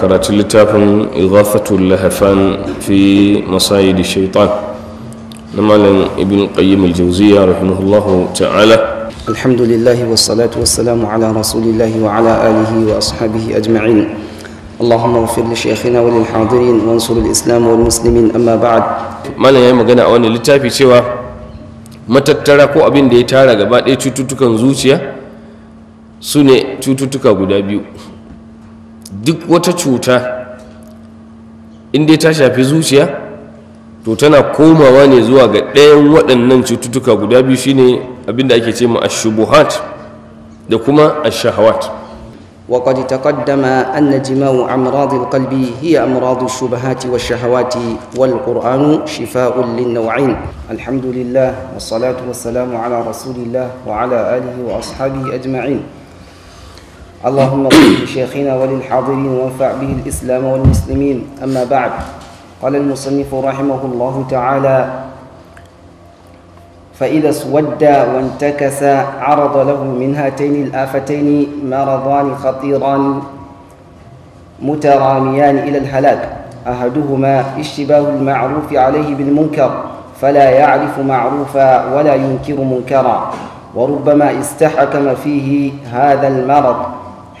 karatun littafin ighafatul lahafan fi masayidi shaitan na malin ibn qayyim al rahimahullahu ta'ala alhamdulillahi wa salamu ala rasulillahi wa ala alihi wa ashabihi ajma'in اللهم اغفر لشيخنا وللحاضرين وانصر الاسلام والمسلمين اما بعد malam yayi magana a wannan littafi cewa matattara ko abin da ya tara gaba ɗaya cututtukan zuciya su ne cututtuka guda biyu duk wata cuta inda ta shafi zuciya to tana komawa ne zuwa ga ɗayan waɗannan cututtuka guda biyu shine abinda ake ce ma ashubuhat da kuma ashahawat وقد تقدم أن جماع أمراض القلب هي أمراض الشبهات والشهوات والقرآن شفاء للنوعين الحمد لله والصلاة والسلام على رسول الله وعلى آله وأصحابه أجمعين اللهم اغفر لشيخنا وللحاضرين وانفع به الاسلام والمسلمين اما بعد قال المصنف رحمه الله تعالى فاذا اسود وانتكس عرض له من هاتين الافتين مرضان خطيران متراميان الى الهلاك احدهما اشتباه المعروف عليه بالمنكر فلا يعرف معروفا ولا ينكر منكرا وربما استحكم فيه هذا المرض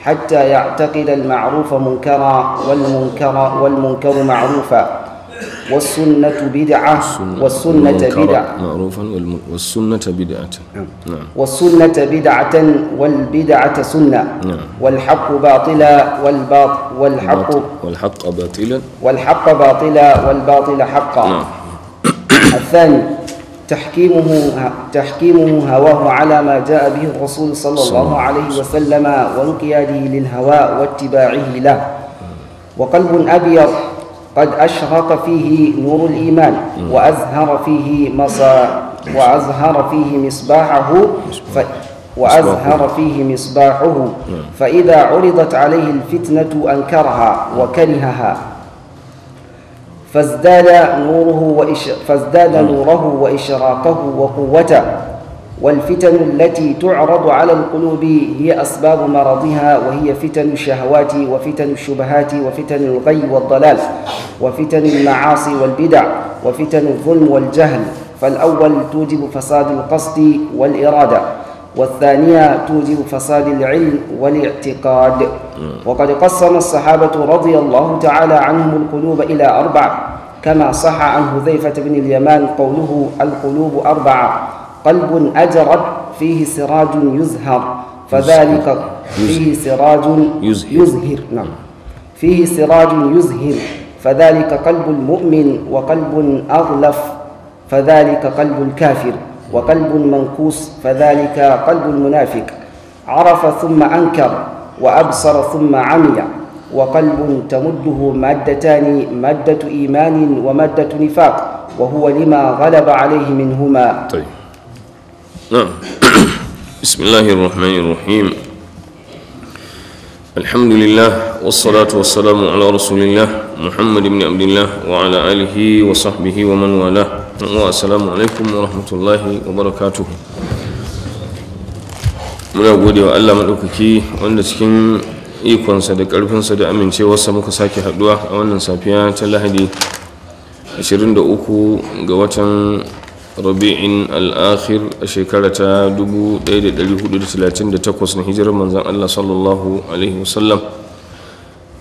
حتى يعتقد المعروف منكرا والمنكر والمنكر معروفا والسنة بدعة والسنة بدعة معروفا والسنة بدعة نعم. نعم. والسنة بدعة والبدعة سنة نعم. والحق باطلا والباط والحق والحق باطلا والحق باطلا والباطل حقا الثاني تحكيمه تحكيمه هواه على ما جاء به الرسول صلى الله عليه وسلم وانقياده للهوى واتباعه له وقلب أبيض قد أشرق فيه نور الإيمان وأزهر فيه مصا وأزهر فيه مصباحه ف وأزهر فيه مصباحه فإذا عرضت عليه الفتنة أنكرها وكرهها فازداد نوره وإش... فازداد نعم. نوره وإشراقه وقوته والفتن التي تعرض على القلوب هي أسباب مرضها وهي فتن الشهوات وفتن الشبهات وفتن الغي والضلال وفتن المعاصي والبدع وفتن الظلم والجهل فالأول توجب فساد القصد والإرادة والثانية توجب فساد العلم والاعتقاد وقد قسم الصحابة رضي الله تعالى عنهم القلوب إلى أربعة كما صح عن هذيفة بن اليمان قوله القلوب أربعة قلب أجرب فيه سراج يزهر فذلك فيه سراج يزهر نعم فيه سراج يزهر فذلك قلب المؤمن وقلب أغلف فذلك قلب الكافر وقلب منكوس فذلك قلب المنافق عرف ثم أنكر وأبصر ثم عمي وقلب تمده مادتان مادة إيمان ومادة نفاق وهو لما غلب عليه منهما طيب نعم بسم الله الرحمن الرحيم الحمد لله والصلاة والسلام على رسول الله محمد بن عبد الله وعلى آله وصحبه ومن والاه assalamu alaikum wa rahmatullahi wa barakatuhu muna gode wa allah maɗaukaki wanda cikin ikonsa da ƙarfinsa da amincewarsa muka sake haɗuwa a wannan safiya ta lahadi 23 ga watan rabi'in al'akhir a shekara ta 1438 na hijirar manzan allah sallallahu alaihi wasallam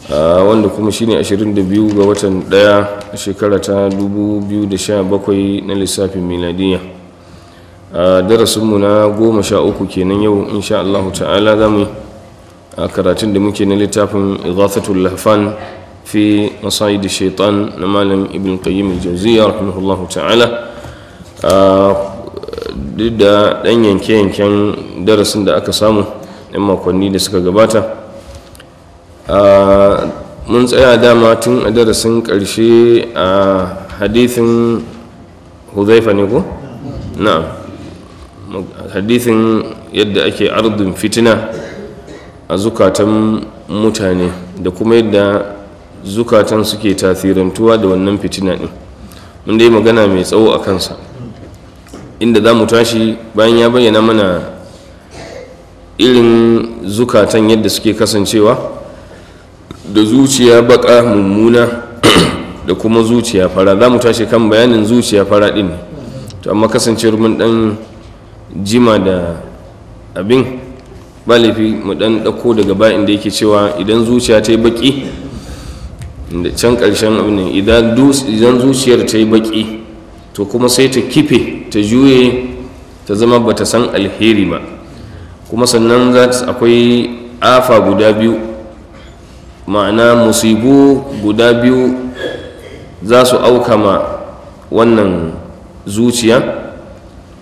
Ah, wanda kuma shine 22 ga watan 1 shekara ta 2017 na lissafin miladiya ah, darasinmu na goma sha uku kenan yau insha Allahu ta'ala za mu a karatun da muke na littafin izafatul lahfan fi masayid shaitan na malam ibn qayyim al-jawziya rahimahullahu ta'ala ah, duk da dan yanke-yanken darasin da aka samu 'yan makonni da suka gabata Ah, mun tsaya dama tun a darasin ƙarshe a hadithin huzaifa ne ku? na hadithin yadda ake ardun fitina a zukatan mutane da kuma yadda zukatan suke tasirantuwa da wannan fitina ɗin mun dai magana mai tsawo a kansa inda za mu tashi bayan ya bayyana mana irin zukatan yadda suke kasancewa da zuciya baka mummuna da kuma zuciya fara za mu tashi kan bayanin zuciya fara din to amma kasancewar mun dan jima da abin ba laifi mu dan ɗauko daga bayan da yake cewa idan zuciya ta yi baki da can karshen abin ne idan zuciyar ta yi baki to kuma sai ta kife ta juye ta zama bata san alheri ba kuma sannan akwai afa guda biyu ma'ana musibu guda biyu za su aukama wannan zuciya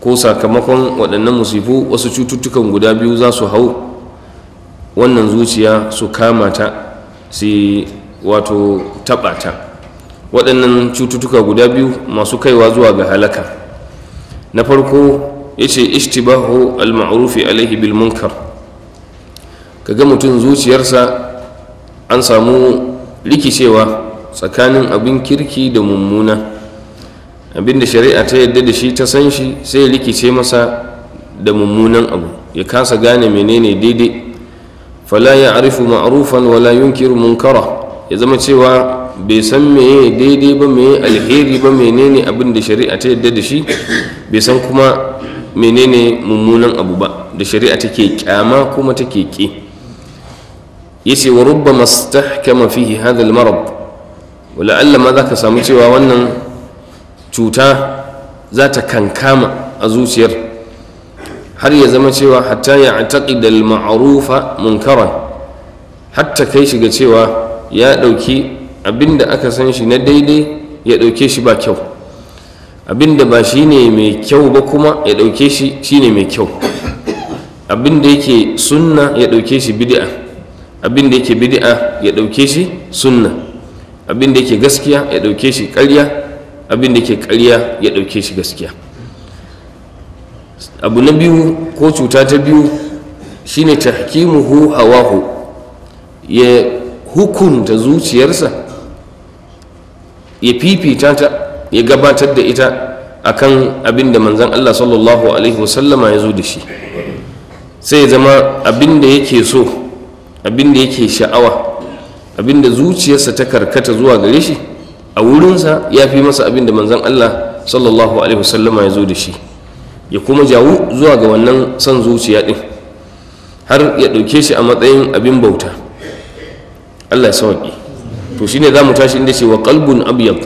ko sakamakon waɗannan musibu wasu cututtukan guda biyu za su hau wannan zuciya su kama ta wato taɓa ta waɗannan cututtuka guda biyu masu kaiwa zuwa ga halaka na farko ya ce ishtibahu al-ma'rufi alaihi bil munkar kaga mutum zuciyarsa an samu rikicewa tsakanin abin kirki da mummuna abin da shari'a ta yadda da shi ta san shi sai ya rikice masa da mummunan abu ya kasa gane menene daidai fala ya arifu ma'arufan wala yunkiru munkara ya zama cewa bai san meye daidai ba meye alheri ba menene abin da shari'a ta yadda da shi bai san kuma menene mummunan abu ba da shari'a take kyama kuma take ƙi yace wa rubba istahkama fihi hadha hadal marad wala alla ma zaka samu cewa wannan cuta za ta kankama a zuciyar har ya zama cewa hatta ya da al maarufa munkaran hatta kai shiga cewa ya dauki abinda aka san shi na daidai ya dauke shi ba kyau abinda ba shine mai kyau ba kuma ya ɗauke shi shine mai kyau abinda yake sunna ya ɗauke shi bid'a abin da yake bid'a ya ɗauke shi sunna abin da yake gaskiya ya ɗauke shi ƙarya abin da yake ƙarya ya ɗauke shi gaskiya abu na biyu ko cuta ta biyu shine tahkimuhu hawahu ya hukunta zuciyarsa ya fifita ta ya gabatar da ita akan abin da manzan Allah sallallahu alaihi wasallama ya zo da shi sai ya zama abin da yake so Abinda yake sha'awa abin zuciyarsa ta karkata zuwa gare shi a wurinsa ya fi masa abinda da manzon Allah sallallahu alaihi wasallama ya zo da shi ya kuma jawo zuwa ga wannan son zuciya ɗin har ya ɗauke shi a matsayin abin bauta Allah ya sauƙi to shine za mu tashi inda ce wa qalbun abyad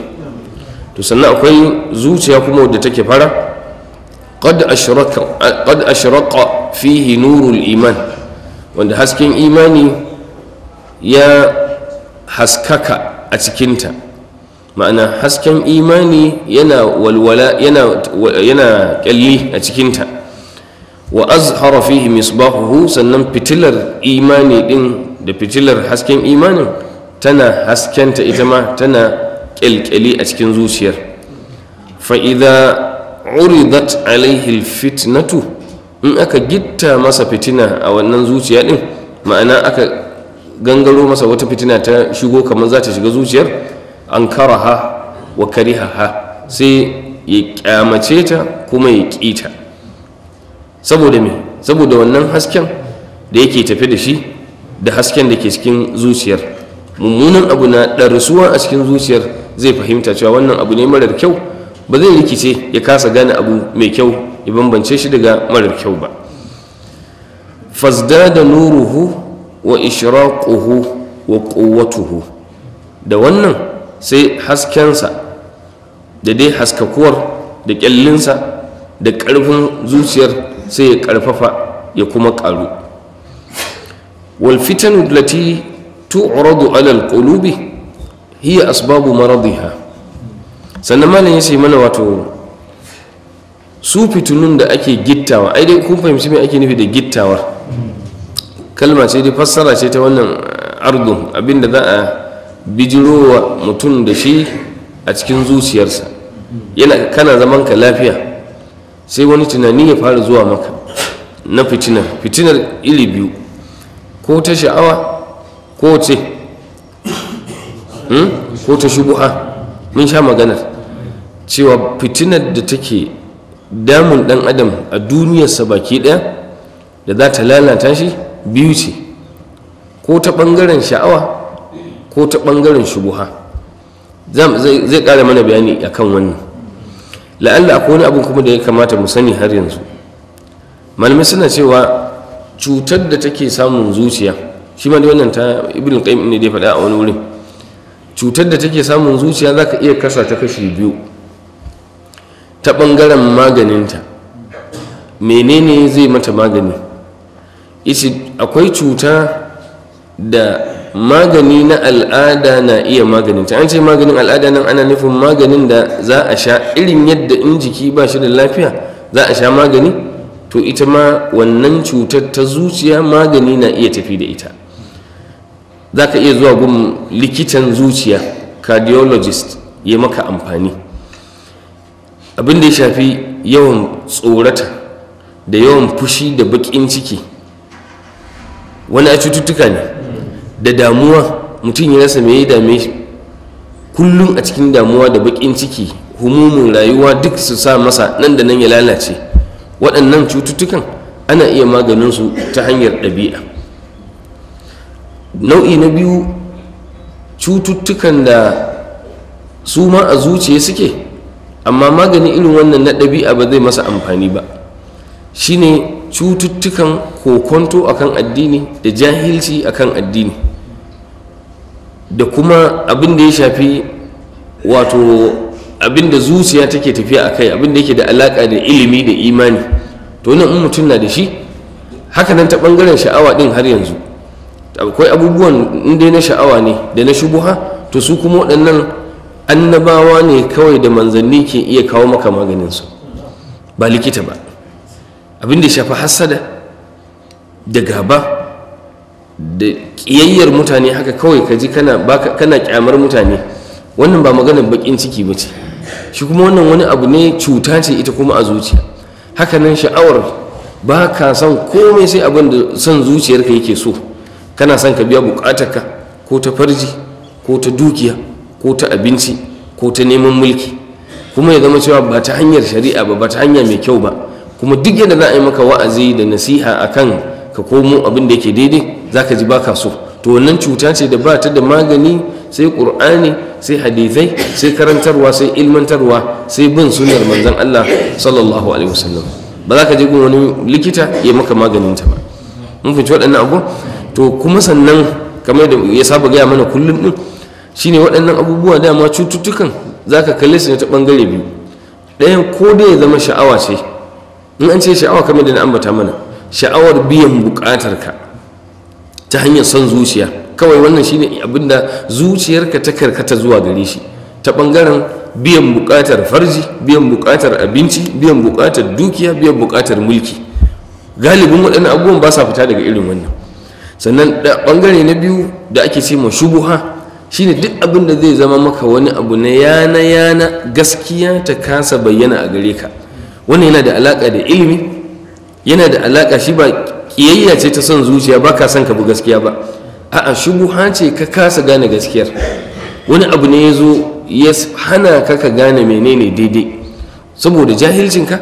to sannan akwai zuciya kuma wadda take fara qad ashraqa qad ashraqa fihi nurul iman wanda hasken imani ya haskaka a cikinta ma'ana hasken imani yana walwala yana kyalli a cikinta wa azhara fihi misbahuhu sannan fitilar imani din da fitilar hasken imanin tana haskenta ita ma tana kyalkyali a cikin zuciyar fa idza uridat alaihi alfitnatu in aka gitta masa fitina a wannan zuciya din ma'ana aka gangaro masa wata fitina ta shigo kamar za ta shiga zuciyar an karaha wa karihaha sai ya kyamace ta kuma ya kita saboda me saboda wannan hasken da yake tafi da shi da hasken da ke cikin zuciyar mummunan abu na ɗarsuwa a cikin zuciyar zai fahimta cewa wannan abu ne marar kyau ba zai rikice ya kasa gane abu mai kyau ya bambance shi daga marar kyau ba da nuruhu wa ishraquhu wa quwwatuhu da wannan sai haskensa da dai haskakuwar da ƙyallinsa da ƙarfin zuciyar sai ya ƙarfafa ya kuma ƙaru wal fitanu lati tu'radu ala al hiya asbabu maradiha sannan malam ya sai mana wato su fitunun da ake gittawa ai dai kun fahimci me ake nufi da gittawar kalma ce dai fassara ce ta wannan argun abinda za a bijirowa mutum da shi a cikin zuciyarsa yana kana zaman ka lafiya sai wani tunani ya fara zuwa maka na fitina fitinar ili biyu ko ta sha'awa ko ce hmm, ko ta shubuha mun sha maganar cewa fitinar da take damun ɗan adam a duniyarsa baki ɗaya da za ta lalata shi biyu ce ko ta ɓangaren sha'awa ko ta ɓangaren shubuha zai ƙara mana bayani a kan wannan la'alla akwai wani abin kuma da ya kamata mu sani har yanzu malamai suna cewa cutar da take samun zuciya shi ma da wannan ta ibn qayyim ne da ya faɗa a wani wurin cutar da take samun zuciya zaka iya kasa ta kashi biyu ta ɓangaren maganinta menene zai mata magani ishi akwai cuta da magani na al'ada na iya maganinta an ce maganin al'ada nan ana nufin maganin da za a sha irin yadda in jiki ba shi da lafiya za a sha magani to ita ma wannan cutar ta zuciya magani na iya tafi da ita za ka iya zuwa gun likitan zuciya cardiologist ya maka amfani abin da ya shafi yawan tsorata da yawan fushi da bakin ciki wani a cututtuka ne da damuwa mutum ya rasa mai dame kullum a cikin damuwa da bakin ciki humumin rayuwa duk su sa masa nan da nan ya lalace waɗannan cututtukan ana iya maganinsu ta hanyar ɗabi'a nau'i na biyu cututtukan da su ma a zuciya suke amma magani irin wannan na ɗabi'a ba zai masa amfani ba shine cututtukan kokonto akan addini da jahilci akan addini da kuma abin da ya shafi wato abin da zuciya take tafiya a kai abin da yake da alaka da ilimi da imani to wani mutum na da shi haka nan ta ɓangaren sha'awa ɗin har yanzu akwai abubuwan in na sha'awa ne da na shubuha to su kuma waɗannan annabawa ne kawai da manzanni ke iya kawo maka maganin su ba likita ba abinda da shafi hassada da gaba da ƙiyayyar mutane haka kawai ka ji kana kyamar mutane wannan ba maganin bakin ciki ba ce shi kuma wannan wani abu ne cuta ce ita kuma a zuciya nan sha'awar ba ka son komai sai abin da son zuciyarka yake so kana son ka biya ka ko ta farji ko ta dukiya ko ta abinci ko ta neman mulki kuma ya zama cewa ba ta hanyar shari'a ba ba ta hanya mai kyau ba kuma duk yadda za a yi maka wa'azi da nasiha a kan ka komo abin da yake daidai za ka ji ba ka so to wannan cuta ce da ba ta da magani sai ƙur'ani sai hadithai sai karantarwa sai ilmantarwa sai bin sunar manzon Allah sallallahu alaihi wasallam ba za ka je gun wani likita ya maka maganin ta ba mun fahimci waɗannan abu to kuma sannan kamar da ya saba gaya mana kullum ɗin. shine waɗannan abubuwa dama cututtukan za ka kalle su ne ta ɓangare biyu ɗayan ko da ya zama sha'awa ce in an ce sha'awa kamar da na ambata mana sha'awar biyan buƙatarka ta hanyar son zuciya kawai wannan shine abin da zuciyarka ta karkata zuwa gare shi ta ɓangaren biyan buƙatar farji biyan buƙatar abinci biyan buƙatar dukiya biyan buƙatar mulki galibin waɗannan abubuwan ba sa fita daga irin wannan sannan ɓangare na biyu da ake ce ma shubuha shine duk abin da zai zama maka wani abu na yana yana gaskiya ta kasa bayyana a gare ka wannan yana da alaka da ilimi yana da alaka shi ba kiyayya ce ta son zuciya ba ka son ka bi gaskiya ba a'a shubuha ce ka kasa gane gaskiyar wani abu ne ya zo ya hana ka ka gane menene daidai saboda ka,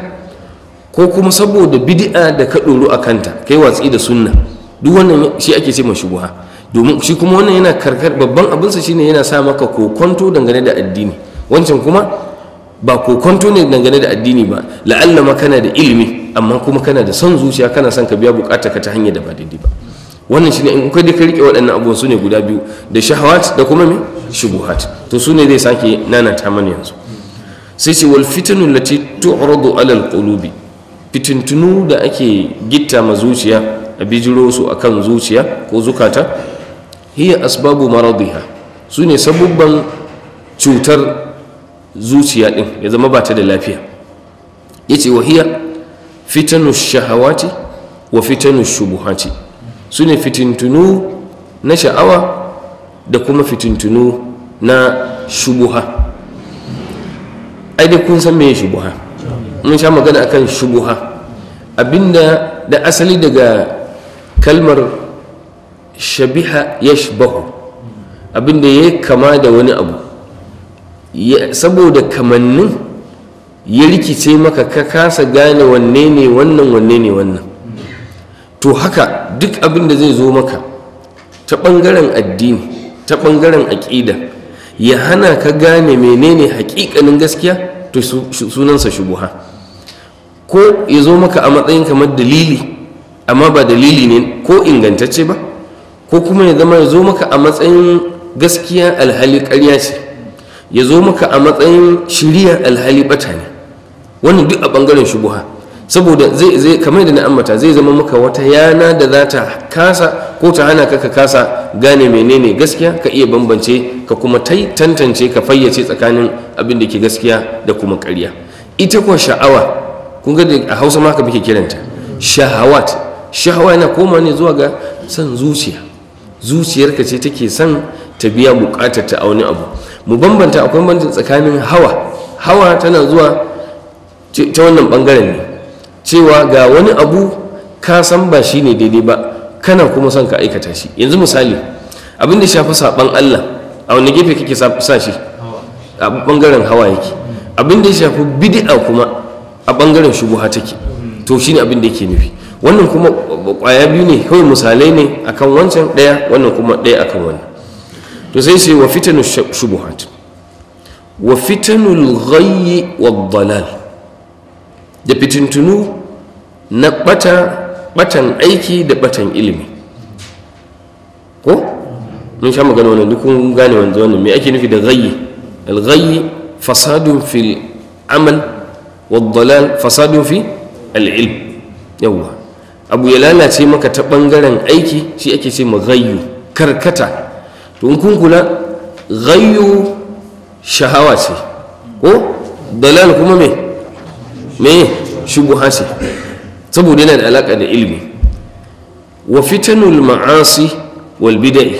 ko kuma saboda bidi'a da ka ɗoro a kanta kai watsi da sunna duk wannan shi ake ce ma shubuha domin shi kuma wannan yana karkar babban abinsa shine yana sa maka kokonto dangane da addini wancan kuma ba kokonto ne dangane da addini ba la'alla ma kana da ilimi amma kuma kana da son zuciya kana son ka biya bukatar ka ta hanyar da ba daidai ba wannan shine in kai ka rike waɗannan abubuwan su ne guda biyu da shahawat da kuma me shubuhat to su ne zai sake ta mana yanzu sai ce wal fitanu lati tu'radu ala al fitintunu da ake gitta ma zuciya a bijiro su akan zuciya ko zukata hiya asbabu maradiha su ne sabubban cutar zuciya din ya zama ba ta da lafiya ya ce wa hiya fitanu shahawati wa fitanu shubuhati su ne fitintunu na sha'awa da kuma fitintunu na shubuha ai kun san meye shubuha mun sha magana akan shubuha abinda da asali daga kalmar shabiha yashbahu abinda ya kama da wani abu saboda kamannin ya rikice maka ka kasa gane wanne ne wannan wanne ne wannan to haka duk abinda zai zo maka ta ɓangaren addini ta ɓangaren aƙida ya hana ka gane menene haƙiƙanin gaskiya to sunansa shubuha ko ya zo maka a matsayin kamar dalili amma ba dalili ne ko ingantacce ba ko kuma ya zama ya zo maka a matsayin gaskiya alhali ƙarya ce ya zo maka a matsayin shirya alhali bata ne wannan duk a ɓangaren shubuha saboda zai zai kamar da na ambata zai zama maka wata yana da za ta kasa ko ta hana ka ka kasa gane menene gaskiya ka iya bambance ka kuma tantance ka fayyace tsakanin abin da ke gaskiya da kuma karya. ita kuwa sha'awa kun ga a hausa ma ka kiranta shahawat shahawa yana koma ne zuwa ga son zuciya zuciyarka ce take son ta biya bukatar ta auni abu mu bambanta akwai bambanci tsakanin hawa hawa tana zuwa ta wannan bangaren ne cewa ga wani abu ka san ba shi ne daidai ba kana kuma son ka aikata shi yanzu misali abin da shafi saban Allah a wani gefe kake sa shi a bangaren hawa yake abin da shafi bidi'a kuma a bangaren shubuha take to shine abin da yake nufi wannan kuma kwaya biyu ne kawai misalai ne akan wancan ɗaya wannan kuma ɗaya akan wannan to sai sai wa fitanu shubuhat wa fitanu ghayyi wa dalal da fitintunu na bata batan aiki da batan ilimi ko mun sha magana wannan duk kun gane wanzu wannan me ake nufi da ghayyi al fasadun fil amal wa dalal fasadun fi al ilm abu ya lalace maka ta ɓangaren aiki shi ake ce ma gayyu karkata to in kun kula gayyu shahawa ce ko dalal kuma me me shubuha ce saboda yana da alaka da ilimi wa fitanul ma'asi wal bid'i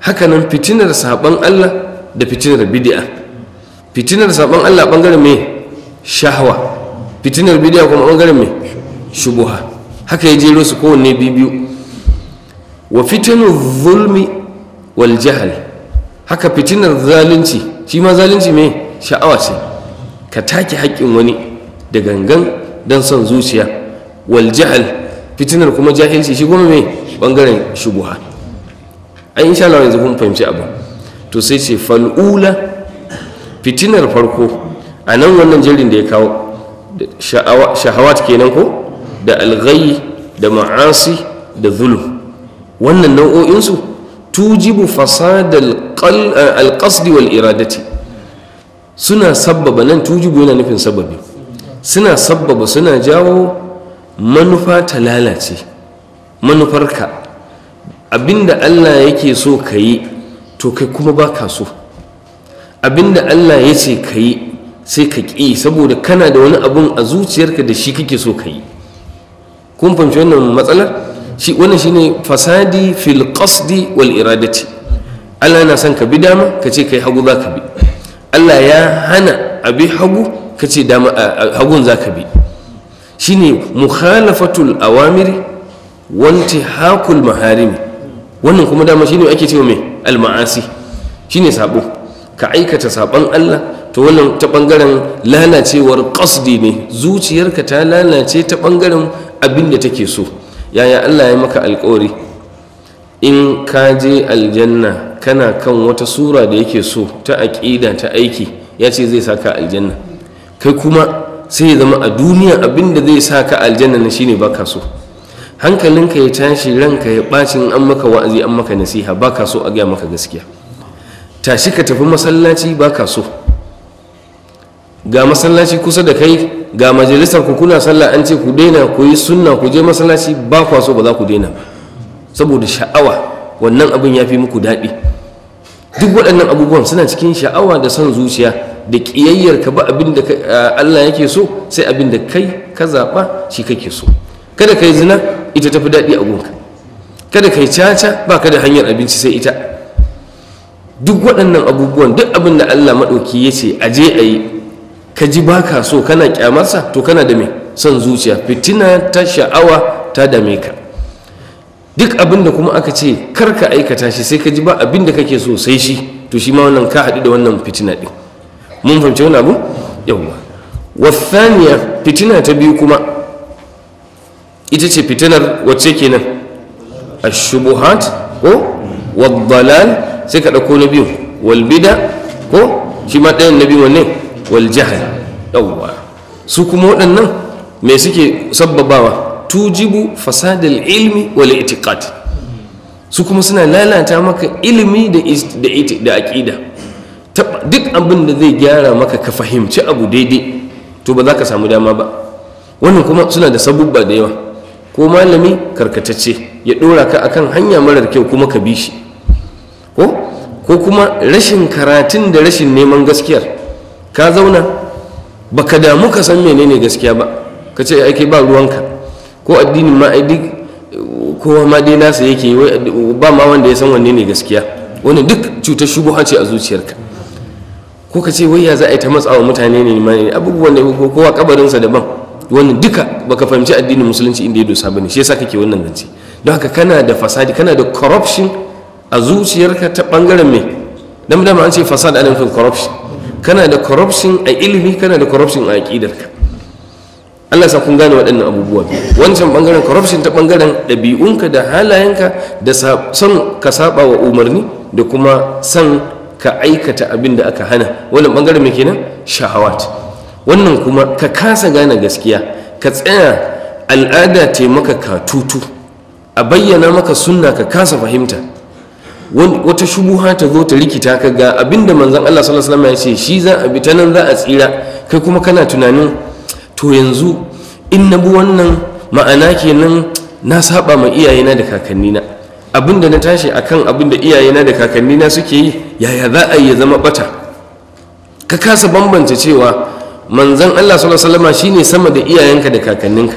hakanan fitinar saban Allah da fitinar bid'a fitinar saban Allah bangaren me shahawa, fitinar bid'a kuma bangaren me shubuha haka ya jero su kowanne biyu wa fitinu zulmi wal jahal haka fitinar zalunci shi ma zalunci mai sha'awa ce ka take haƙƙin wani da gangan don son zuciya wal jahal fitinar kuma jahilci shi kuma mai ɓangaren shubuha an insha Allah yanzu kun fahimci abu to sai ce fal'ula fitinar farko a nan wannan jirgin da ya kawo shahawat kenan ko da alghai da ma'asi da zulm wannan nau'o'insu tujibu fasadal eh, alqasdi wal iradati suna sabbaba nan tujibu yana nufin sababi suna sabbaba suna jawo manufa ta lalace manufarka abinda Allah yake so ka yi to kai kuma ba ka so abinda Allah yace ce sai ka ƙi saboda kana da wani abun a zuciyarka da shi kake so ka yi kun fahimci wannan matsalar shi wannan shine fasadi fil qasdi wal iradati Allah yana son ka bi dama ka ce kai hagu za bi Allah ya hana a bi hagu ka ce dama hagun za bi shine mukhalafatul awamiri wanti hakul maharim wannan kuma dama shine ake cewa mai alma'asi shine sabo ka aikata saban Allah to wannan ta bangaren lalacewar qasdi ne zuciyarka ta lalace ta bangaren abin da take so yaya Allah ya maka alkawari in ka je aljanna kana kan wata sura da yake so ta aƙida ta aiki ya ce zai sa ka aljanna kai kuma sai ya zama a duniya abin da zai sa ka aljanna na shine baka so hankalinka ya tashi ranka ya bacin an maka wa'azi an maka nasiha baka so a gaya maka gaskiya tashi ka tafi masallaci baka so ga masallaci kusa da kai ga majalisar ku kuna sallah an ce ku daina ku yi sunna ku je masallaci ba kwa so ba za ku daina saboda sha'awa wannan abin ya fi muku daɗi duk waɗannan abubuwan suna cikin sha'awa da son zuciya da ƙiyayyar ka ba abin da Allah yake so sai abin da kai ka zaɓa shi kake so kada ka zina ita tafi daɗi a gunka kada ka caca ba ka da hanyar abinci sai ita duk waɗannan abubuwan duk abin da Allah maɗauki ya ce a je a yi ka ji ba ka so kana kyamarsa to kana da me son zuciya fitina ta sha'awa ta dame ka duk abin da kuma aka ce kar ka aikata shi sai ka ji ba abin da kake so sai shi to shi ma wannan ka haɗu da wannan fitina ɗin mun fahimci wani abu yawwa wasaniya fitina ta biyu kuma ita ce fitinar wacce kenan ashubuhat ko wadhalal sai ka ɗauko na biyu walbida ko shi ma ɗayan na biyu wanne wal jahal yawwa su kuma waɗannan me suke sabbabawa tujibu fasadal ilmi wal itiqad su kuma suna lalata maka ilimi da da aqida duk abin da zai gyara maka ka fahimci abu daidai to ba za ka samu dama ba wannan kuma suna da sabubba da yawa ko malami karkatacce ya ɗora ka akan hanya marar kyau kuma ka bi shi ko kuma rashin karatun da rashin neman gaskiyar ka zauna baka damu ka san ne gaskiya ba ka ce ake ba ruwanka ko addinin ma ai duk kowa ma dai nasa yake ba ma wanda ya san wanne ne gaskiya wani duk cutar shubuha ce a zuciyarka ko ka ce wai ya za a yi ta matsawa mutane ne ma abubuwan da kowa kabarinsa daban wani duka ba ka fahimci addinin musulunci inda ya dosa bane shi yasa kake wannan zance don haka kana da fasadi kana da corruption a zuciyarka ta bangaren mai dama dama an ce fasad ana nufin corruption kana da corruption a ilimi kana da corruption a aƙidarka Allah sa kun gane waɗannan abubuwa wancan bangaren corruption ta bangaren ɗabi'unka da halayenka da san ka saba wa umarni da kuma san ka aikata abin da aka hana wannan bangaren mai kenan shahawat wannan kuma ka kasa gane gaskiya ka tsaya al'ada ce maka katutu a bayyana maka sunna ka kasa fahimta wata shubuha ta zo ta rikita ka ga abinda manzon Allah sallallahu alaihi wasallam ya ce shi za a bi ta nan za a tsira kai kuma kana tunanin to yanzu in na bi wannan ma'ana kenan na saba ma iyayena da kakannina abinda na tashi akan abinda iyayena da kakannina suke yi yaya za a yi ya zama bata ka kasa bambanta cewa manzon Allah sallallahu alaihi wasallam shine sama da iyayenka da kakanninka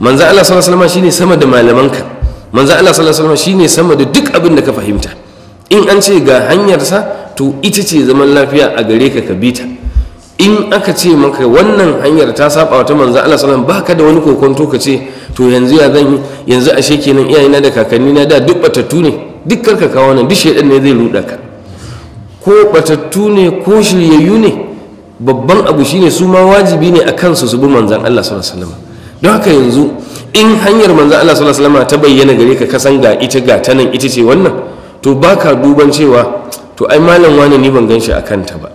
manzon Allah sallallahu alaihi wasallam shine sama da malamanka manzon Allah sallallahu alaihi wasallam shine sama da duk abin da ka fahimta in an ce ga hanyarsa to ita ce zaman lafiya a gare ka ka bi ta in aka ce maka wannan hanyar ta saba wata manzan Allah sallam ba ka da wani kokonto ka ce to yanzu ya zan yanzu ashe kenan iyayena da kakanni na da duk batattu ne duk karka kawo nan duk shaidan ne zai ruda ka ko batattu ne ko shiryayyu ne babban abu shine su ma wajibi ne a kansu su bi manzan Allah sallallahu alaihi don haka yanzu in hanyar manzan Allah sallallahu ta bayyana gare ka kasan ga ita ga ta nan ita ce wannan to baka duban cewa to ai malam wani ni ban gan shi a kanta ba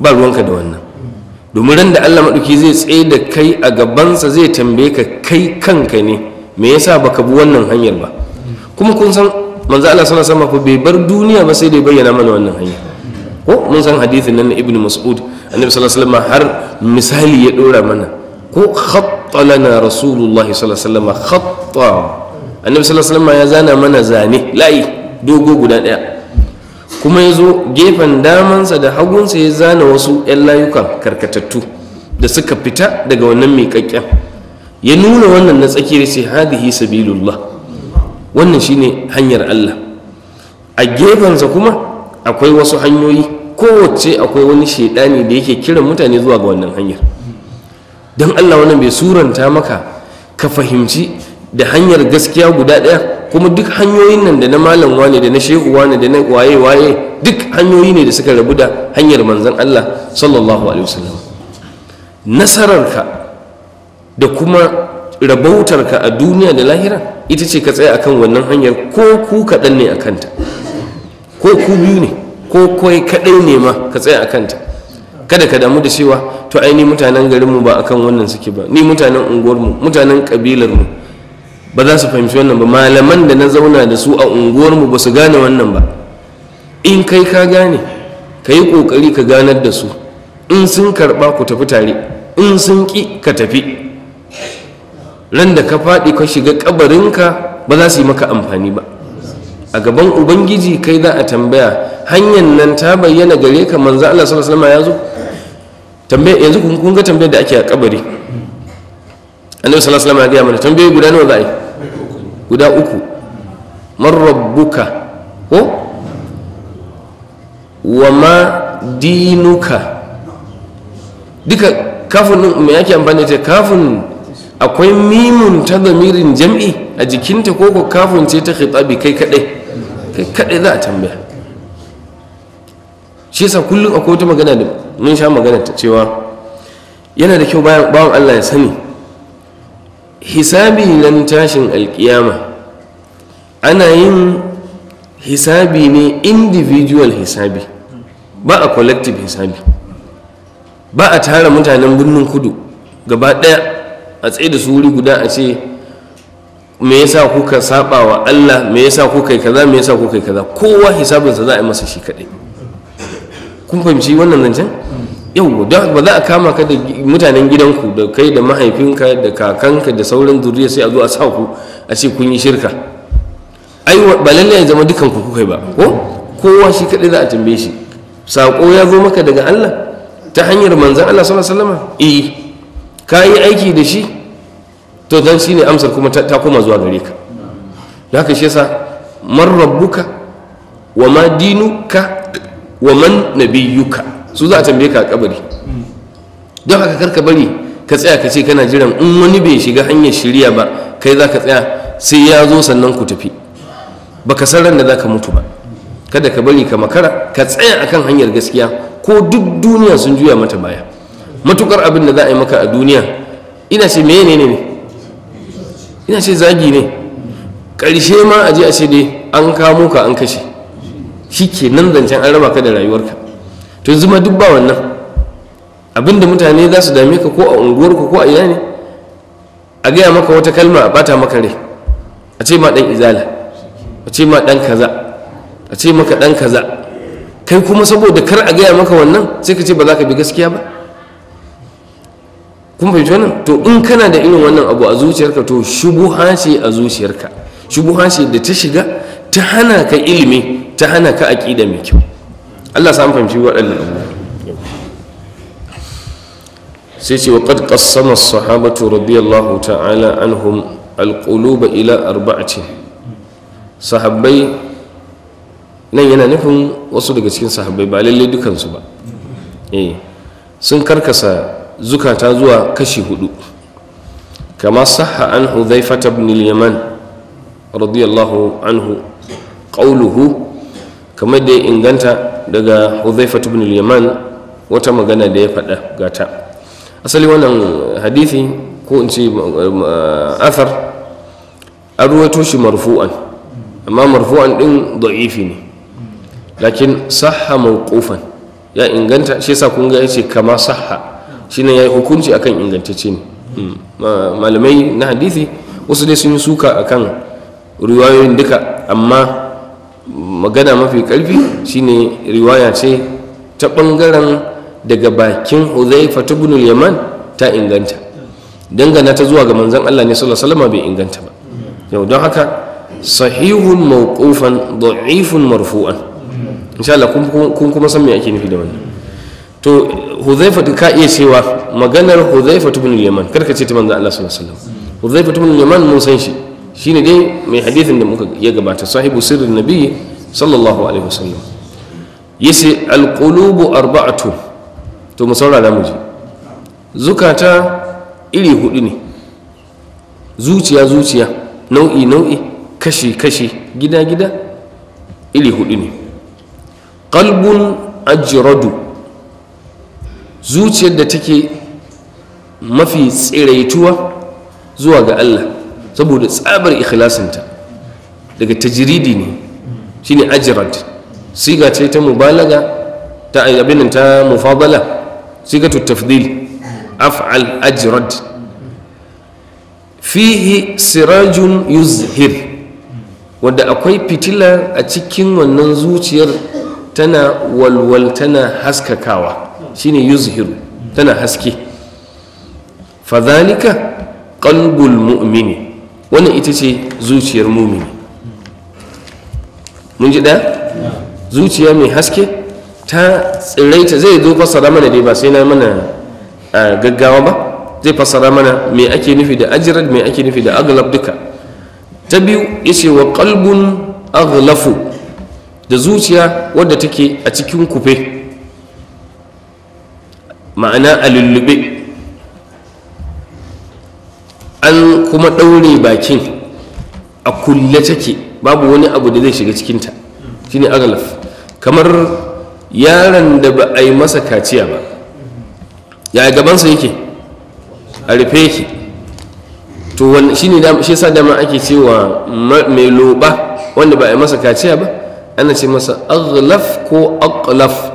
ba ruwanka da wannan domin ran da Allah maɗuki zai tsaye da kai a gabansa zai tambaye ka kai kanka ne me yasa ka bi wannan hanyar ba kuma kun san manzo Allah suna sama ku bai bar duniya ba sai da bayyana mana wannan hanya ko mun san hadithin nan na ibn mas'ud annabi sallallahu alaihi har misali ya dora mana ko khatta lana rasulullahi sallallahu alaihi wasallam khatta annabi sallallahu alaihi ya zana mana zane layi dogo guda ɗaya kuma ya zo gefen damansa da hagunsa ya zana wasu 'yan layukan karkatattu da suka fita daga wannan miƙaƙƙen ya nuna wannan na tsakiyar sai hadihi sabilullah wannan shine hanyar Allah a gefensa kuma akwai wasu hanyoyi kowace akwai wani shaidani da yake kiran mutane zuwa ga wannan hanyar don Allah wannan bai suranta maka ka fahimci da hanyar gaskiya guda ɗaya kuma duk hanyoyin nan da na malam wane da na shehu wane da na waye waye duk hanyoyi ne da suka rabu da hanyar manzan Allah sallallahu alaihi wasallam nasararka da kuma rabautarka a duniya da lahira ita ce ka tsaya kan wannan hanyar ko ku kaɗan ne a kanta ko ku biyu ne ko kai kaɗai ne ma ka tsaya a kanta kada ka damu da cewa to ai ni mutanen garinmu ba akan wannan suke ba ni mutanen unguwarmu mutanen ƙabilarmu ba za su fahimci wannan ba malaman da na zauna da su a unguwarmu ba su gane wannan ba in kai ka gane ka yi ƙoƙari ka ganar da su in sun karɓa ku tafi tare in sun ƙi ka tafi ran da ka faɗi ka shiga ƙabarinka ba za su yi maka amfani ba a gaban ubangiji kai za a tambaya hanyar nan ta bayyana gare ka manzo Allah sallallahu alaihi wasallam ya zo tambaya yanzu kun ga tambayar da ake a kabari annabi sallallahu alaihi wasallam ya gaya mana tambayoyi guda nawa za a yi guda uku man rabbuka ko wa ma dinuka duka kafin me yake amfani ta kafin akwai mimun ta zamirin jam'i a jikinta ko ko kafin ce ta khitabi kai kadai kai kadai za a tambaya shi yasa kullum akwai wata magana da mun sha magana ta cewa yana da kyau bayan bawan Allah ya sani hisabi nan tashin alkiyama ana yin hisabi ne individual hisabi ba a collective hisabi ba a tara mutanen birnin kudu gaba daya a tsaye da su wuri guda a ce me yasa kuka saba wa Allah me yasa kuka yi kaza me yasa kuka yi kaza kowa hisabinsa za a yi masa shi kadai kun fahimci wannan zancen yau don ba za a kama ka da mutanen gidanku da kai da mahaifinka da kakanka da sauran zuriya sai a zo a sa ku a ce kun yi shirka ai ba lalle ya zama dukan ku kai ba ko kowa shi kadai za a tambaye shi Sako ya zo maka daga Allah ta hanyar manzon Allah sallallahu alaihi wasallam eh ka yi aiki da shi to dan shine amsar kuma ta koma zuwa gare ka haka shi yasa man rabbuka wa ma dinuka wa man nabiyyuka su za a tambaye ka kabari don haka karka bari ka tsaya ka ce kana jiran in wani bai shiga hanyar shirya ba kai za ka tsaya sai ya zo sannan ku tafi Ba ka san randa da za ka mutu ba kada ka bari ka makara ka tsaya akan hanyar gaskiya ko duk duniya sun juya mata baya matukar abin da za a yi maka a duniya ina ce me ne ina ce zagi ne ƙarshe ma a je a ce dai an kamo ka an kashe shi ke nan zancen an raba ka da rayuwarka to zuma duk ba wannan abinda mutane za su dame ka ko a unguwarku ko a ina ne a gaya maka wata kalma a bata maka rai a ce ma dan izala a ce ma dan kaza a ce maka dan kaza kai kuma saboda kar a gaya maka wannan sai ka ce ba za ka bi gaskiya ba kun fahimci wannan to in kana da irin wannan abu a zuciyarka to shubu ce a zuciyarka shubu ce da ta shiga ta hana ka ilimi ta hana ka aƙida mai kyau Allah samu fahimci waɗannan abubuwa sai ce wa qad qassama sahabatu radiyallahu ta'ala anhum al-quluba ila arba'ati sahabbai nan yana nufin wasu daga cikin sahabbai ba lalle dukansu ba eh sun karkasa zukata zuwa kashi hudu kama saha an hudhaifah ibn al-yaman radiyallahu anhu qawluhu kamar da ya inganta daga huzaifat ibn yaman wata magana da ya faɗa gata asali wannan hadithi ko in ce uh, athar an ruwaito shi marfu'an amma marfu'an din da'ifi ne lakin sahha mawqufan ya inganta shi yasa kun ga yace kama sahha shine yayi hukunci akan ingantacce ne hmm. malamai na hadisi wasu dai sun yi suka akan riwayoyin duka amma magana mafi karfi shine riwaya ce ta bangaren daga bakin huzaifa ta bunul yaman ta inganta dangana ta zuwa ga manzan allah ne sallallahu alaihi wasallam bai inganta ba yau don haka sahihun mawqufan da'ifun marfu'an insha Allah kun kuma san me ake nufi da wannan to huzaifa ka iya cewa maganar huzaifa ibn yaman karka ce ta manzan Allah sallallahu alaihi wasallam huzaifa ibn yaman mun san shi shine dai mai hadisin da muka ya gabata sahibu sirrin nabi sallallahu alaihi wasallam yace alqulubu arba'atu to mu saurara mu zukata iri hudu ne zuciya zuciya nau'i nau'i kashi kashi gida gida iri hudu ne Ƙalbun ajradu zuciyar da take mafi tsiraituwa zuwa ga Allah saboda tsabar ikhlasinta daga tajiridi ne shine ajrat siga ce ta mubalaga ta abin ta mufadala ta tafdil af'al ajrat fihi sirajun yuzhir wanda akwai fitila a cikin wannan zuciyar tana walwal tana haskakawa shine yuzhir tana haske fadhalika qalbul mu'mini wannan ita ce zuciyar mumini mun ji ɗaya zuciya mai haske ta ta zai zo fassara mana dai ba sai na mana gaggawa ba zai fassara mana me ake nufi da ajirar me ake nufi da aglab duka ta biyu yace wa kalbun aglafu da zuciya wadda take a cikin kufe ma'ana a lullube an kuma ɗaure bakin a kulle take babu wani abu da zai shiga cikinta shine agalaf kamar yaron da ba a yi masa kaciya ba ya gabansa yake a rufe yake to shine shi sa dama ake cewa mai loba wanda ba a yi masa kaciya ba ana ce masa aglaf ko agalaf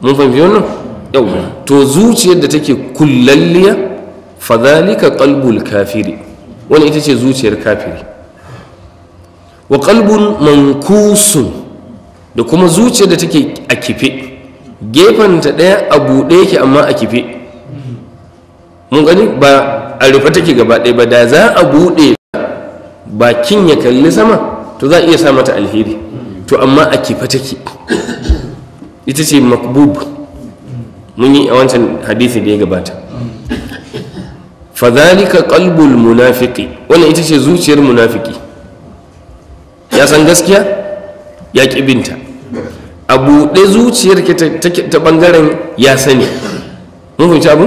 mun fahimci wannan yau to zuciyar da take kullalliya zalika qalbul kafiri wani ita ce zuciyar kafiri wa kalbun mankusun da kuma zuciyar da take a kife gefenta ɗaya a buɗe yake amma a kife mun gani ba a rufe take gaba ɗaya ba da za a buɗe bakin ya kalli sama to za a iya sa mata alheri to amma a kife take ita ce makbub mun yi a wancan hadisi da ya gabata fa zalika qalbul munafiqi wannan ita ce zuciyar munafiki ya san gaskiya ya kibinta binta a buɗe zuciyar ta ɓangaren ya sani mun abu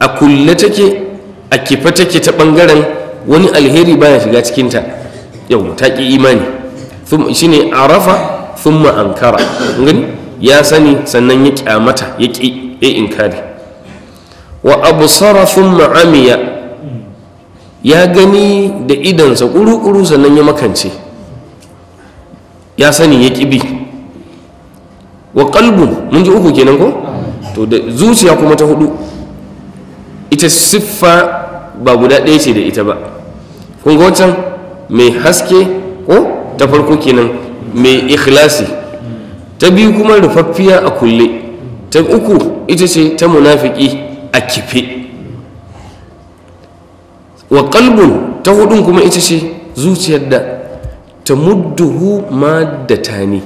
a kulle take a kifa take ta ɓangaren wani alheri baya shiga cikinta yau ta ƙi imani shine arafa thumma ankara gani ya sani sannan ya kyamata ya ƙi ya inkari wa abu sarrafin ma'amiya ya gani da idansa kuru-kuru sannan ya makance ya sani ya ƙibi wa ƙalbun mun ji uku kenan ko to da zuciya kuma ta hudu ita siffa ba guda ɗaya ce da ita ba kun mai haske ko ta farko kenan mai ikhlasi ta biyu kuma rufaffiya a kulle ta uku ita ce ta munafiki a kife wa kalbun ta hudun kuma ita ce zuciyar da ta mudduhu ne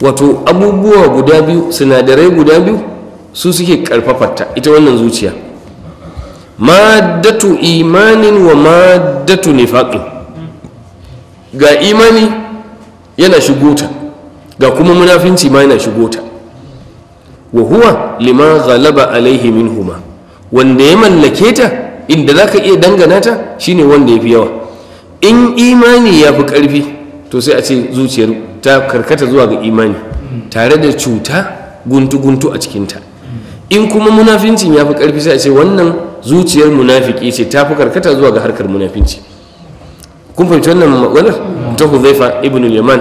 wato abubuwa guda biyu sinadarai guda biyu su suke ƙarfafata ita wannan zuciya maddatu imanin wa maddatu nifaqin ga imani yana shigota ga kuma munafinci ma yana shigota wa huwa lima ghalaba alaihi minhuma wanda ya mallake ta inda za ka iya dangana ta shine wanda ya fi yawa in imani ya fi ƙarfi to sai a ce zuciyar ta karkata zuwa ga imani tare da cuta guntu-guntu a cikinta in kuma munafincin ya fi ƙarfi sai a ce wannan zuciyar munafiki ce ta fi karkata zuwa ga harkar munafinci kun fahimci wannan maganar ta huzaifa ibn yaman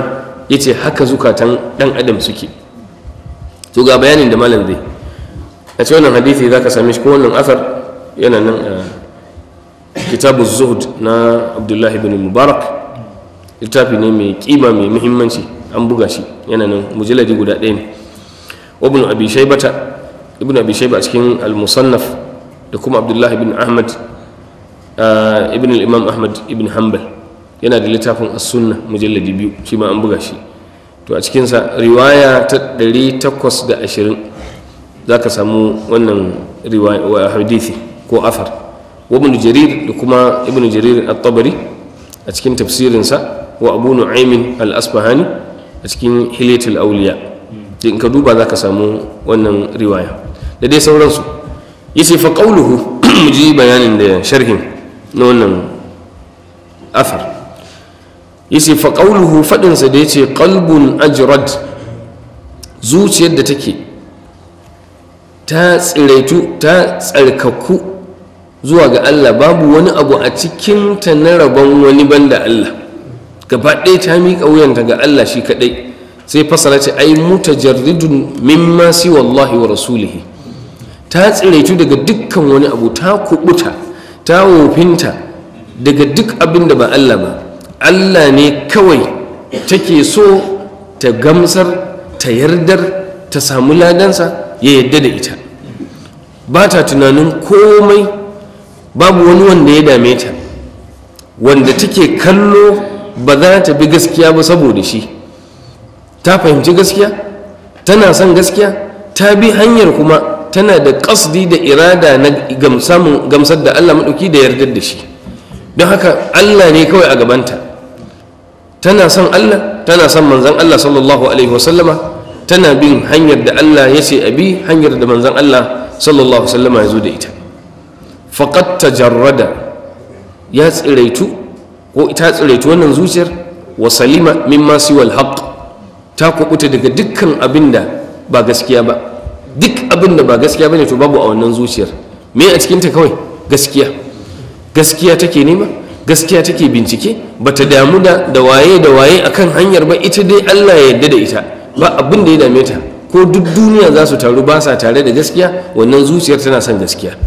ya ce haka zukatan ɗan adam suke to ga bayanin da malam zai a ce wannan hadithi za ka sami shi ko wannan asar yana nan a kitabu zuhud na abdullahi bin mubarak littafi ne mai kima mai muhimmanci an buga shi yana nan mujalladi guda ɗaya ne ibn abi shaibata ibn abi shaiba cikin al-musannaf da kuma abdullahi bin ahmad ibn al-imam ahmad ibn hanbal yana da littafin as-sunna mujalladi biyu shi ma an buga shi to a cikinsa riwaya ta 820 za ka samu wannan hadithi ko afar wabin jarir da kuma ibn jarir at-tabari a cikin tafsirinsa wa abu nu'aymin al-asbahani a cikin hilatul auliya in ka duba za ka samu wannan riwaya da dai sauransu yace fa qawluhu mu ji bayanin da sharhin na wannan afar yace fa qawluhu fadin sa da yace qalbun ajrad zuciyar da take ta tsiraitu ta tsarkaku zuwa ga Allah babu wani abu a cikin ta na rabon wani banda Allah gaba ɗaya ta miƙa wuyanta ga Allah shi kaɗai sai fasara ce ai mutajarridun mimma si wallahi wa rasulihi ta tsiraitu daga dukkan wani abu ta kubuta ta wofinta daga duk abin da ba Allah ba allah ne kawai take so ta gamsar ta yardar ta samu ladansa ya yadda da ita ba ta tunanin komai babu wani wanda ya dame ta wanda take kallo ba za ta bi gaskiya ba saboda shi ta fahimci gaskiya tana son gaskiya ta bi hanyar kuma tana da kasdi da irada na gamsar da allah maɗauki da yardar da shi don haka allah ne kawai a gabanta tana son Allah tana son manzan Allah sallallahu alaihi wasallama tana bin hanyar da Allah ya ce abi hanyar da manzan Allah sallallahu alaihi wasallama ya zo da ita ta tajarrada ya tsiraitu ko ita tsiraitu wannan zuciyar wa salima mimma siwal haqq ta kubuta daga dukkan abinda ba gaskiya ba duk abinda ba gaskiya bane to babu a wannan zuciyar me a cikin ta kawai gaskiya gaskiya take nema gaskiya take bincike bata damu da waye da waye kan hanyar ba ita dai Allah ya yarda da ita ba abin da ya dame ta ko duk duniya za su taru ba sa tare da gaskiya wannan zuciyar tana son gaskiya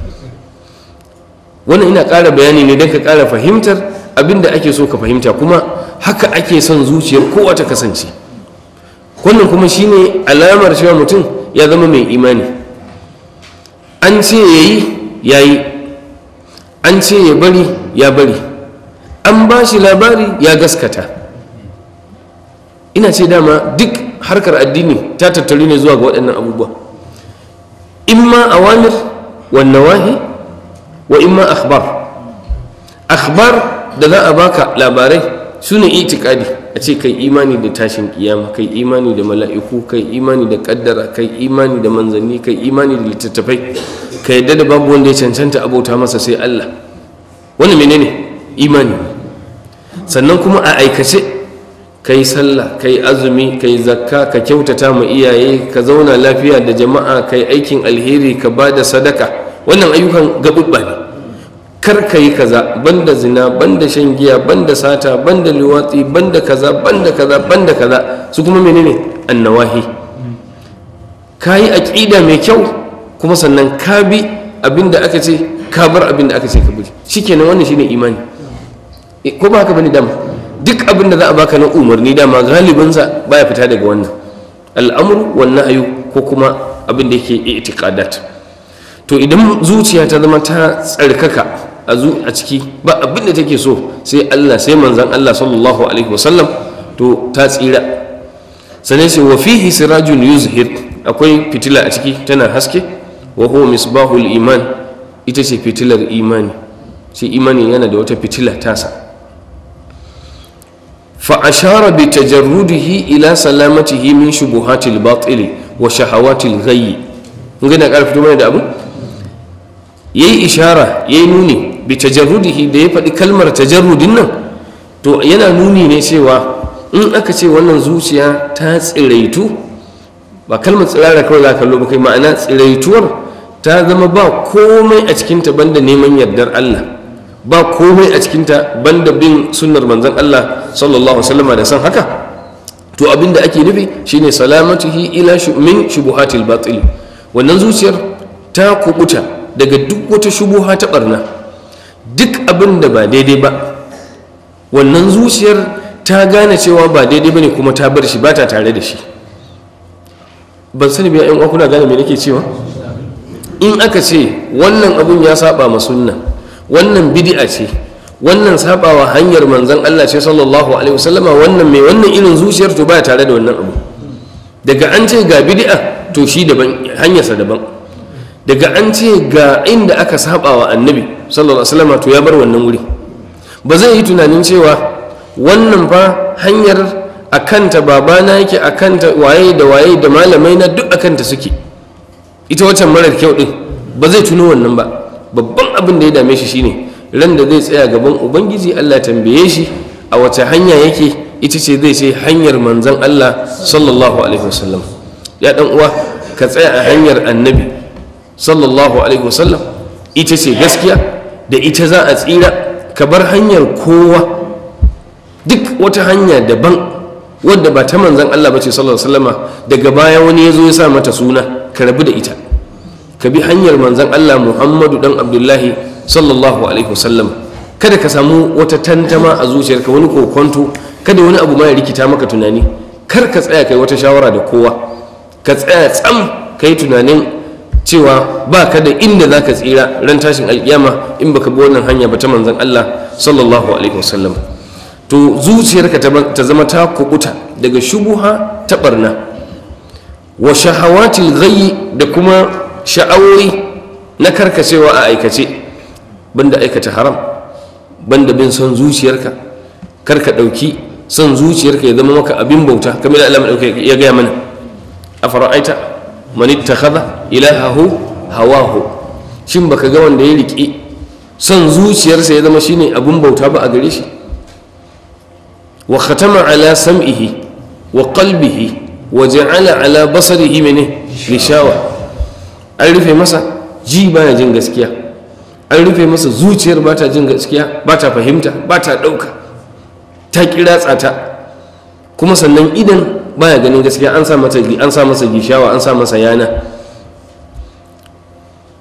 wannan ina ƙara bayani ne don ka ƙara fahimtar abin da ake so ka fahimta kuma haka ake son zuciyar kowa ta kasance wannan kuma shine alamar cewa mutum ya zama mai imani an ce ya yi ya yi an ce ya bari ya bari an ba shi labari ya gaskata ina ce dama duk harkar addini ta tattaru ne zuwa ga waɗannan abubuwa imma awamir wa nawahi wa imma akhbar akhbar da za a baka labarai su ne itikadi a ce kai imani da tashin kiyama kai imani da mala'iku kai imani da kaddara kai imani da manzanni kai imani da littattafai ka yadda da babu wanda ya cancanta abota masa sai Allah Wani menene imani sannan kuma a aikace ka yi sallah ka yi azumi ka yi zakka ka kyautata ma iyaye ka zauna lafiya da jama'a ka yi aikin alheri ka ba da sadaka wannan ayyukan gaɓuɓɓa ne kar ka yi kaza banda zina banda shan giya banda sata banda liwatsi banda kaza banda kaza banda kaza su kuma menene annawahi ka yi aƙida mai kyau kuma sannan ka bi abin da aka ce ka bar abin da aka ce ka shi shikenan wannan shine imani Eh, ko ba haka bane dama duk abin da za a baka na umarni dama galibinsa ya fita daga wannan al'amuru wannan ayu ko kuma abin da yake itiqadat to idan zuciya ta zama ta tsarkaka a a ciki ba abin da take so sai Allah sai manzon Allah sallallahu alaihi wasallam to ta tsira sannan sai wa fihi sirajun yuzhir akwai fitila a ciki tana haske wa huwa misbahul iman ita ce fitilar imani sai imani yana da wata fitila tasa fa ashara bi tajarrudihi ila salamatihi min shubuhatil batili wa shahawatil ghayyi mun gina karfito mana da abu yayi ishara yayi nuni bi tajarrudihi da ya faɗi kalmar ta tajarrudin nan to yana nuni ne cewa in aka ce wannan zuciya ta tsiraitu ba kalmar tsirara kawai za ka kallo kai ma'ana tsiraituwar ta zama ba komai a cikinta banda neman yardar Allah ba komai a cikinta banda bin sunnar manzon Allah sallallahu alaihi wasallam da san haka to abin da ake nufi shine salamatuhi ila min shubuhatil batil wannan zuciyar ta kubuta daga duk wata shubuha ta barna duk abin da ba daidai ba wannan zuciyar ta gane cewa ba daidai bane kuma ta bar shi ba ta tare da shi ban sani ba yan gane me nake cewa in aka ce wannan abun ya saba ma sunna wannan bid'a ce wannan sabawa hanyar manzon Allah ce sallallahu alaihi wasallama wannan mai wannan irin zuciyar to baya tare da wannan abu daga an ce ga bid'a to shi daban hanyarsa daban daga an ce ga inda aka sabawa annabi sallallahu alaihi wasallama to ya bar wannan wuri ba zai yi tunanin cewa wannan fa hanyar akanta babana yake akanta waye da waye da malamai na duk akanta suke ita wancan marar kyau din ba zai tuno wannan ba babban abin da ya dame shi shine ran da zai tsaya gaban ubangiji Allah tambaye shi a wace hanya yake ita ce zai ce hanyar manzon Allah sallallahu alaihi wasallam ya dan uwa ka tsaya a hanyar annabi sallallahu alaihi wasallam ita ce gaskiya da ita za a tsira ka bar hanyar kowa duk wata hanya daban wadda ba ta manzon Allah bace sallallahu alaihi wasallama daga baya wani ya zo ya sa mata suna ka rabu da ita ka bi hanyar manzon Allah Muhammadu dan Abdullahi sallallahu alaihi wasallam kada ka samu wata tantama a zuciyarka wani kokonto kada wani abu ma ya rikita maka tunani kar ka tsaya kai wata shawara da kowa ka tsaya tsam kai tunanin cewa ba ka da inda za ka tsira ran tashin alƙiyama, in baka bi wannan hanya ba ta manzon Allah sallallahu alaihi wasallam to zuciyarka ta zama ta kubuta daga shubuha ta barna wa shahawatil ghayy da kuma sha'awoyi na karkacewa a aikace banda aikata haram banda bin son zuciyarka karka ɗauki son zuciyarka ya zama maka abin bauta kamar da Allah ya gaya mana a fara'aita man ittakhadha ilahahu hawahu shin baka ga wanda ya riƙe son zuciyarsa ya zama shine abin bauta ba a gare shi wa khatama ala sam'ihi wa qalbihi wa ja'ala ala basarihi mene gishawa an rufe masa ji baya jin gaskiya an rufe masa zuciyar ba ta jin gaskiya ba ta fahimta ba ta ɗauka ta kira tsata kuma sannan idan baya ganin gaskiya an sa masa gishawa an sa masa yana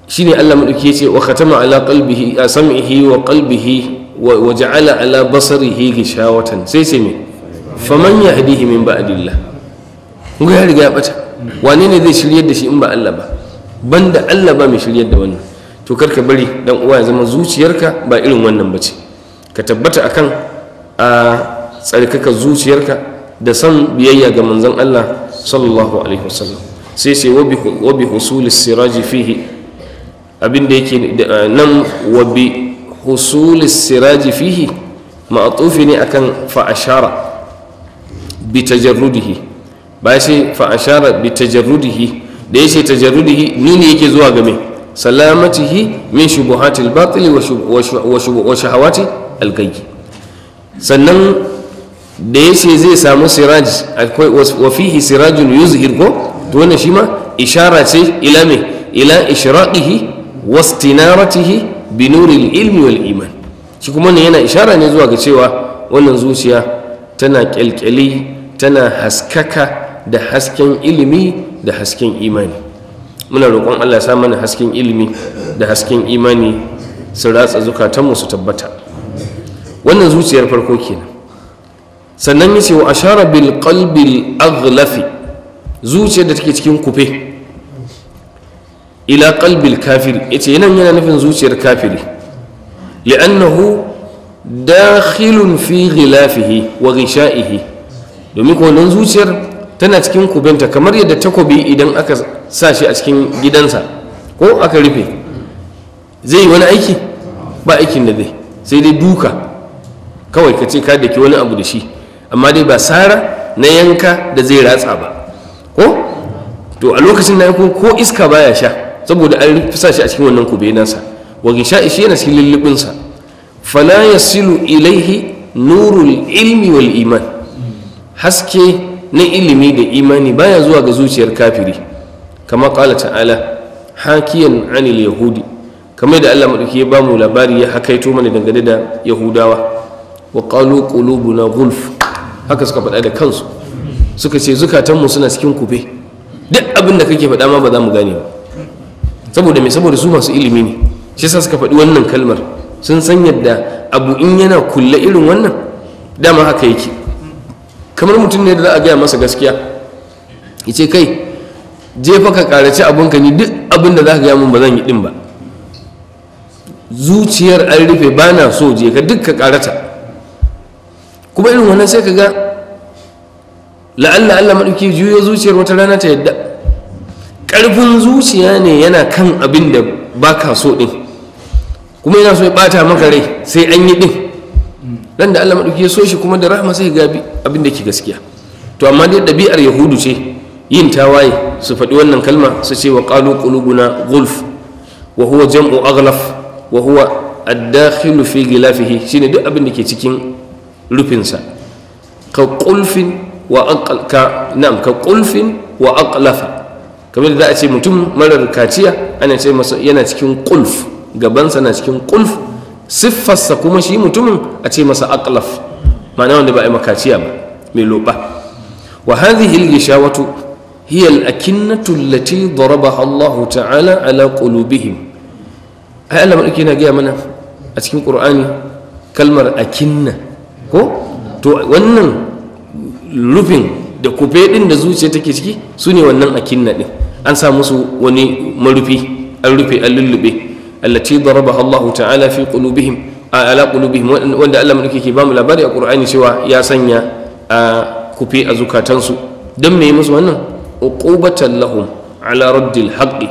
shine Allah madauki yace wa khatama ala qalbihi sam'ihi wa qalbihi wa ja'ala ala basarihi gishawatan sai sai me faman yahdihi min ba'dillah kun ya riga ya bata wane ne zai shiryar da shi in ba Allah ba banda Allah ba mai shiryar da wannan to karka bari dan uwa ya zama zuciyarka ba irin wannan bace ka tabbata akan a tsarkaka zuciyarka da san biyayya ga manzon Allah sallallahu alaihi wasallam sai sai wa bi husul siraji fihi abinda yake nan wa bi siraji fihi ma'tufi ne akan fa ashara bi tajarrudihi ba sai fa ashara bi tajarrudihi da ya ce yace ni ne yake zuwa game salamatihi min shubuhatil batil wa shahawati algayy sannan da ya ce zai samu siraj akwai wa fihi sirajun yuzhir ko to wannan shi ma ishara ce ila me ila ishraqihi wastinaratihi bi nuril ilmi wal iman shi kuma ne yana ishara ne zuwa ga cewa wannan zuciya tana kyalkyali tana haskaka da hasken ilimi da hasken imani muna roƙon Allah sa mana hasken ilimi da hasken imani su ratsa zukatanmu su tabbata wannan zuciyar farko kenan sannan yace wa ashara bil qalbil aghlafi zuciyar da take cikin kufe ila qalbil kafir yace nan yana nufin zuciyar kafiri li'annahu dakhilun fi ghilafihi wa ghishaihi domin ko zuciyar tana cikin kubenta kamar yadda takobi idan aka sa shi a cikin gidansa ko aka rufe zai yi wani aiki ba aikin da zai sai dai duka kawai ka ce ka daki wani abu da shi amma dai ba sara na yanka da zai ratsa ba ko to a lokacin na yanko ko iska baya sha saboda an sa shi a cikin wannan kube nasa wa sha ishe yana cikin lullubinsa ya silu ilaihi nurul ilmi wal iman haske na ilimi da imani baya zuwa ga zuciyar kafiri kama kala ta'ala hakiyan anil yahudi kamar da Allah maɗauki ya bamu labari ya hakaito mana dangane da yahudawa wa qalu qulubuna gulf haka suka faɗa da kansu suka ce zukatanmu suna cikin kube duk abin da kake faɗa ma ba za mu gane ba saboda me saboda su masu ilimi ne shi yasa suka faɗi wannan kalmar sun san yadda abu in yana kulle irin wannan dama haka yake kamar mutum ne da za a gaya masa gaskiya ya ce kai jefa ka karace abinka ni duk abin da za ka gaya mun ba zan yi din ba zuciyar an rufe ba na so je ka duk ka karata kuma irin wannan sai ka ga la'alla allah maɗauki juyo zuciyar wata rana ta yadda ƙarfin zuciya ne yana kan abin da ba ka so ɗin kuma yana so ya ɓata maka rai sai an yi ɗin dan da Allah madauki ya so shi kuma da rahama sai ga abin da ke gaskiya to amma dai ɗabi'ar yahudu ce yin tawaye su faɗi wannan kalma su ce wa qalu qulubuna gulf wa huwa jam'u aghlaf wa huwa ad-dakhilu fi ghilafihi shine duk abin da ke cikin rufinsa ka qulfin wa aqal ka na'am ka qulfin wa aqlafa kamar da za a ce mutum marar kaciya ana ce masa yana cikin qulf gabansa na cikin qulf siffarsa kuma shi mutumin a ce masa aklaf. ma'ana wanda ba a yi makaciya ba mai loba wa hadhihi al shawatu. hiya al-akinnatu allati darabaha Allah ta'ala ala qulubihim ai Allah madauki yana gaya mana a cikin Qur'ani kalmar akinna ko to wannan rufin da kufe ɗin da zuciya take ciki su ne wannan akinna din an sa musu wani marufi an rufe an lullube allati darabaha allahu ta'ala fi qulubihim ala qulubihim wanda Allah mun ke ba mu labari a Qur'ani cewa ya sanya a kufi a zukatansu dan me musu wannan uqubatan lahum ala raddil haqqi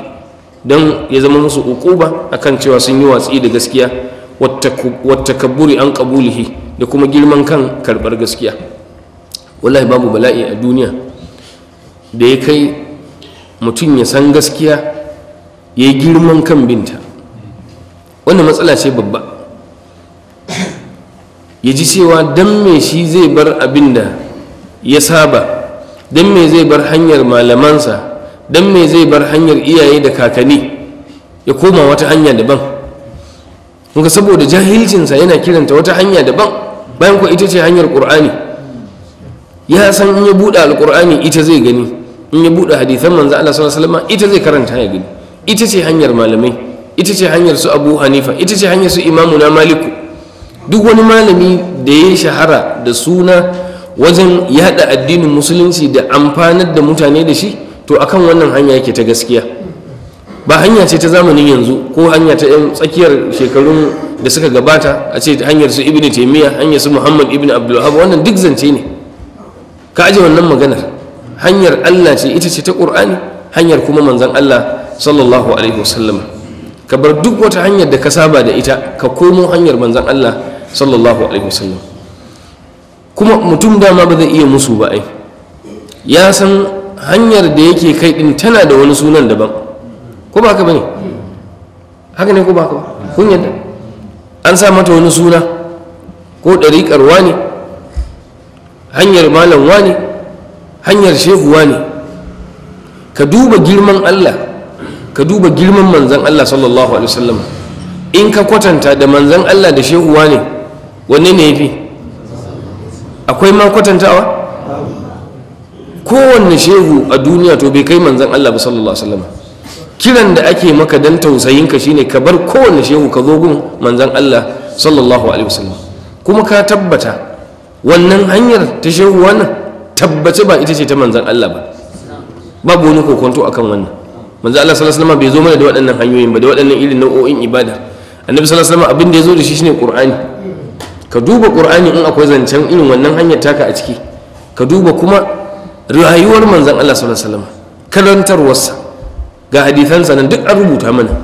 dan ya zama musu uquba akan cewa sun yi watsi da gaskiya wattakabburi an qabulihi da kuma girman kan karbar gaskiya wallahi babu bala'i a duniya da ya kai mutum ya san gaskiya ya yi girman kan binta wannan matsala ce babba ya ji cewa don me shi zai bar abin da ya saba don me zai bar hanyar malamansa don me zai bar hanyar iyaye da kakanni ya koma wata hanya daban muka saboda jahilcinsa yana kiranta wata hanya daban bayan kuwa ita ce hanyar ƙur'ani ya san in ya buɗe alƙur'ani ita zai gani in ya buɗe hadithan manzo Allah sallallahu alaihi wasallam ita zai karanta ya gani ita ce hanyar malamai ita ce hanyar su abu hanifa ita ce hanyar su imamu na maliku duk wani malami da ya shahara da suna wajen yada addinin musulunci da amfanar da mutane da shi to akan wannan hanya yake ta gaskiya ba hanya ce ta zamanin yanzu ko hanya ta yan tsakiyar shekarun da suka gabata a ce hanyar su ibn taimiyya hanyar su muhammad ibn abdulwahab wannan duk zance ne ka aje wannan maganar hanyar allah ce ita ce ta ƙur'ani hanyar kuma manzon allah sallallahu alaihi wasallam ka bar duk wata hanyar da ka saba da ita ka komo hanyar manzan Allah sallallahu alaihi wasallam kuma mutum dama ba zai iya musu ba ai ya san hanyar da yake kai din tana da wani sunan daban ko ba ka bane haka ne ko ba ka ba kun yadda an sa mata wani suna ko ɗariƙar wani hanyar malam wani hanyar shehu wani ka duba girman Allah ka duba girman manzan Allah sallallahu alaihi wasallam in ka kwatanta da manzan Allah da shehuwa ne wanne ne fi? akwai ma kwatantawa kowanne shehu a duniya to bai kai manzan Allah ba sallallahu alaihi wasallam kiran da ake maka don tausayin ka shine ka bar kowanne shehu ka zo gun manzan Allah sallallahu alaihi wasallam kuma ka tabbata wannan hanyar ta shehu wannan tabbace ba ita ce ta manzan Allah ba babu wani kokonto akan wannan manzo Allah sallallahu alaihi wasallam bai zo mana da waɗannan hanyoyin ba da waɗannan irin nau'o'in ibada annabi sallallahu alaihi wasallam abin da ya zo da shi shine qur'ani ka duba qur'ani in akwai zancen irin wannan hanyar taka a ciki ka duba kuma rayuwar manzon Allah sallallahu alaihi wasallam karantarwarsa ga hadisansa nan duk an rubuta mana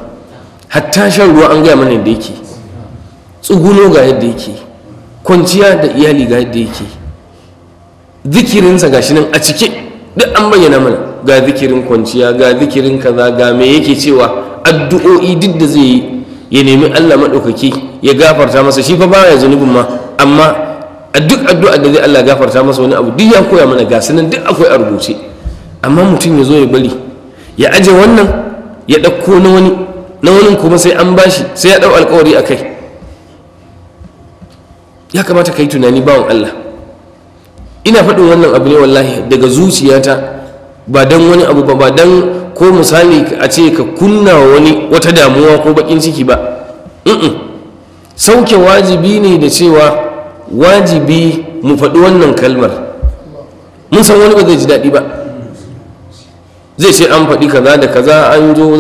hatta shan ruwa an gaya mana yadda yake tsuguno ga yadda yake kwanciya da iyali ga yadda yake zikirinsa gashi nan a cike duk an bayyana mana ga zikirin kwanciya ga zikirin kaza ga me yake cewa addu'o'i duk da zai yi ya nemi Allah maɗaukaki ya gafarta masa shi fa baya zunubin ma amma a duk addu'a da zai Allah gafarta masa wani abu duk ya koya mana ga sanan duk akwai a rubuce amma mutum ya zo ya bari ya aje wannan ya ɗauko na wani na wani kuma sai an bashi sai ya ɗau alkawari a kai ya kamata ka yi tunani bawan Allah ina faɗi wannan abu ne wallahi daga zuciyata ba don wani abu ba ba don ko misali a ce ka kunna wani wata damuwa ko bakin ciki ba sauke wajibi ne da cewa wajibi mu faɗi wannan kalmar mun san wani ba zai ji daɗi ba zai ce an faɗi kaza da kaza an zo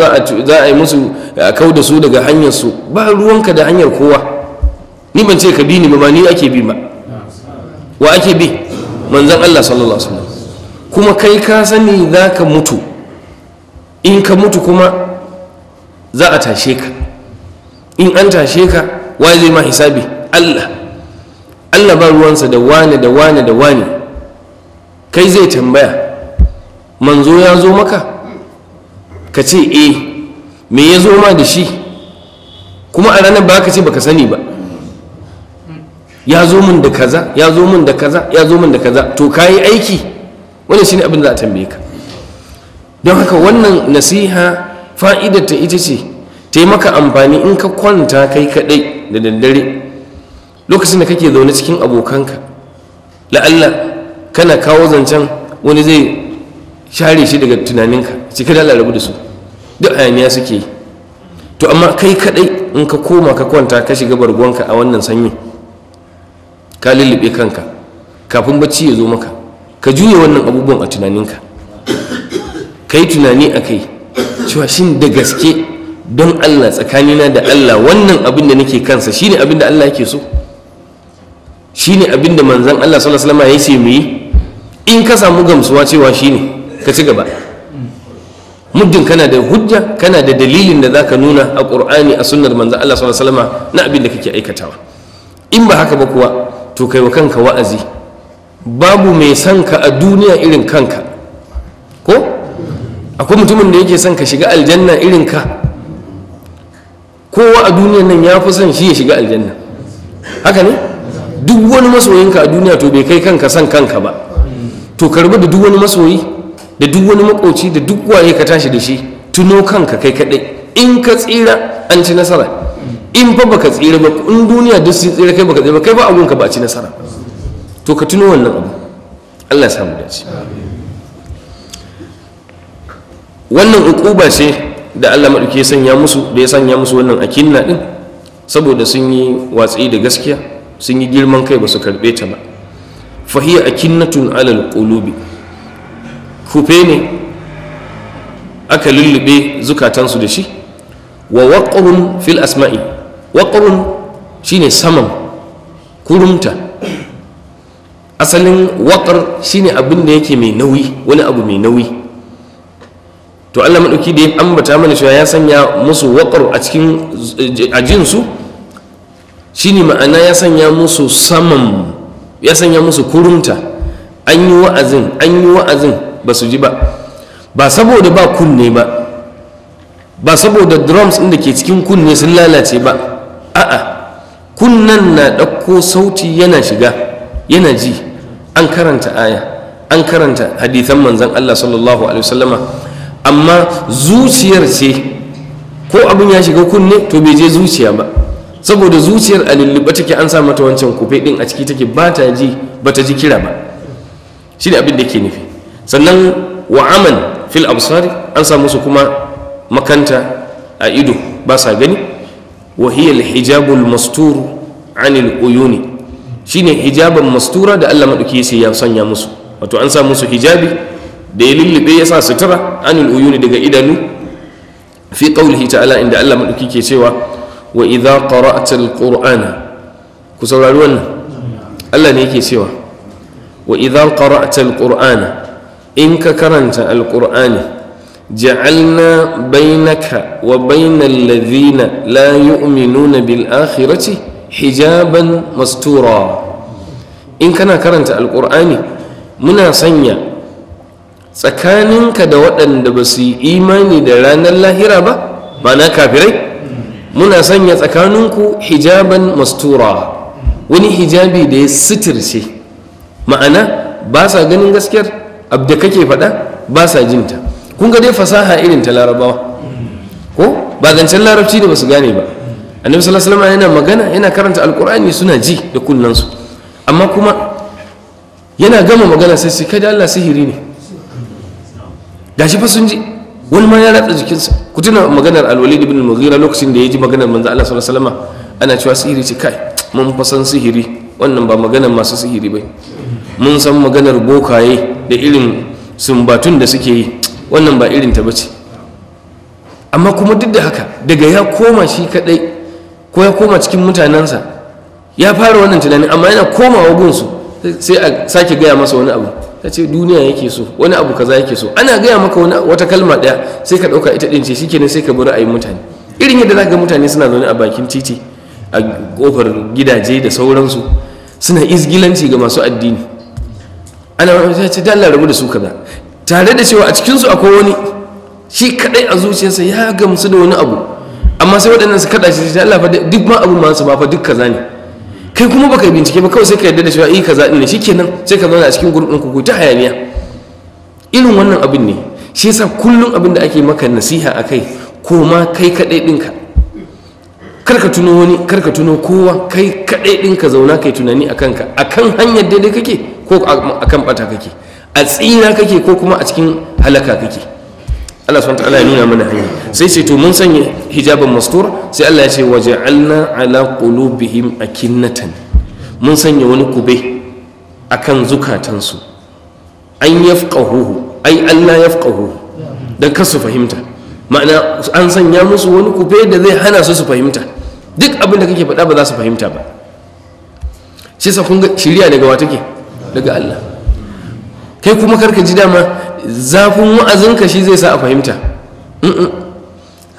za a yi musu a kau da su daga hanyarsu ba ruwanka da hanyar kowa ni ban ce ka bi ni ba ni ake bi ba wa ake bi manzan Allah sallallahu alaihi wasallam kuma kai ka sani za ka mutu in ka mutu kuma za a tashe ka in an tashe ka waye zai ma hisabi Allah Allah ba ruwansa da wane da wane da wane kai zai tambaya manzo ya zo maka ka ce eh me ya zo ma da shi kuma a ranar ba ka ce ka sani ba ya zo min da kaza ya zo min da kaza ya zo min da kaza to kayi aiki wannan shine abin da za a tambaye ka don haka wannan nasiha ta ita ce ta yi maka amfani in ka kwanta kai kaɗai da daddare lokacin da kake zaune cikin abokanka la'alla kana kawo zancen wani zai share shi daga tunaninka cika da larabu da su duk ayaniya suke yi to amma kai kaɗai in ka koma ka kwanta ka shiga bargonka a wannan sanyin ka lullube kanka kafin bacci ya zo maka ka juya wannan abubuwan a tunaninka ka yi tunani a kai cewa shin da gaske don allah tsakanina da allah wannan abin da nake kansa shine abin da allah yake so shine abin da manzan allah salasalama ya ce mu yi in ka samu gamsuwa cewa shine ka ci gaba muddin kana da hujja kana da dalilin da zaka nuna a qur'ani a sunnar manzan Allah salasalama na abin da kake aikatawa in ba haka ba kuwa to kai wa kanka wa'azi babu mai son ka a duniya irin kanka ko akwai mutumin da yake son ka shiga aljanna irin ka kowa a duniyan nan ya fi son shi ya shiga aljanna haka ne duk wani masoyinka a duniya to bai kai kanka son kanka ba to karbi da duk wani masoyi da duk wani makoci da duk waye ka tashi da shi tuno kanka kai kadai in ka tsira an ci nasara in fa baka tsira ba in duniya duk sun tsira kai baka tsira ba kai ba abun ka ba ci nasara to ka tuno wannan abu Allah ya samu dace wannan ukuba ce da Allah madauke ya sanya musu da ya sanya musu wannan akinna din saboda sun yi watsi da gaskiya sun yi girman kai ba su karɓe ta ba hiya akinnatun alal qulubi kufe ne aka lullube zukatansu da shi wa waqqahum fil asma'i waƙarun ne saman kurumta asalin waƙar shi ne abin da yake mai nauyi wani abu mai nauyi to allah maɗauki da ya ambata mana cewa ya sanya musu waƙar a cikin ajinsu ne ma'ana ya sanya musu saman ya sanya musu kurumta an yi wa'azin an yi wa'azin ba su ji ba ba saboda ba kunne ba ba saboda drums ɗin da ke cikin kunne sun lalace ba a'a kunnan na ɗauko sauti yana shiga yana ji an karanta aya an karanta hadithan manzan Allah sallallahu alaihi wasallama amma zuciyar ce ko abin ya shiga kunne to bai je zuciya ba saboda zuciyar a lullube take an sa mata wancan kufe din a ciki take ba ta ji ba ta ji kira ba shi ne abin da ke nufi sannan wa aman fil absari an sa musu kuma makanta a ido ba sa gani wa hiya al-hijabul mastur anil uyuni shine hijaban mastura da Allah ya sanya musu wato an sa musu hijabi da ya lullube ya sa sutura anil uyuni daga idanu fi qawlihi ta'ala inda Allah madauki ke cewa wa idza qara'ta al-qur'ana ku saurari wannan Allah ne yake cewa wa idza qara'ta in ka karanta al ja'alna bainaka wa bainal ladhina la yu'minuna bil ce. hijaban mastura in kana karanta Alkur'ani muna sanya tsakaninka da waɗanda ba su yi imani da ranar lahira ba ma'ana kafirai muna sanya tsakaninku hijaban mastura wani hijabi da ya sitirce ma'ana ba sa ganin gaskiyar Abda kake faɗa ba sa jinta kun ga dai fasaha irin ta larabawa ko ba zancen larabci da basu gane ba annabi sallallahu alaihi wasallam yana magana yana karanta alqur'ani suna ji da su amma kuma yana gama magana sai sai kada Allah sihiri ne gashi fa sun ji wani ma ya jikin jikinsa ku tuna maganar alwalid ibn mughira lokacin da ya ji maganar manzo Allah sallallahu alaihi wasallam ana cewa sihiri ce kai mun fa sihiri wannan ba maganar masu sihiri bai mun san maganar bokaye da irin sumbatun da suke yi wannan ba irin ta bace amma kuma duk da haka daga ya koma shi kadai ko ya koma cikin mutanensa ya fara wannan tunanin amma yana komawa gunsu sai a sake gaya masa wani abu ta ce duniya yake so wani abu kaza yake so ana gaya maka wata kalma daya sai ka dauka ita dince ce shikenan sai ka bi ayi mutane irin yadda zaka ga mutane suna zaune a bakin titi a kofar gidaje da sauransu suna izgilanci ga masu addini ana wani ta ce dalla rabu da su kaza tare da cewa a cikinsu akwai wani shi kaɗai a zuciyarsa ya gamsu da wani abu amma sai waɗannan su kaɗa shi da Allah fa duk ma abu su ba fa duk kaza ne kai kuma baka bincike ba kawai sai ka yarda da cewa eh kaza din ne shikenan sai ka zauna a cikin gurbin ku ta hayaniya irin wannan abin ne shi yasa kullum abin da ake maka nasiha akai ko ma kai kaɗai ɗinka kar ka tuno wani kar ka tuno kowa kai kaɗai ɗinka zauna kai tunani akan ka akan hanyar daidai kake ko akan bata kake a tsina kake ko kuma a cikin halaka kake Allah subhanahu ta'ala ya nuna mana hanya sai ce to mun sanya hijaban mastur sai Allah ya ce waja'alna ala qulubihim akinnatan mun sanya wani kube akan zukatansu an yafqahuhu ai Allah yafqahuhu dan su fahimta ma'ana an sanya musu wani kube da zai hana su su fahimta duk abin da kake faɗa ba za su fahimta ba shi sa kun ga daga wa take daga Allah kai kuma karka ji dama zafin wa'azinka shi zai sa a fahimta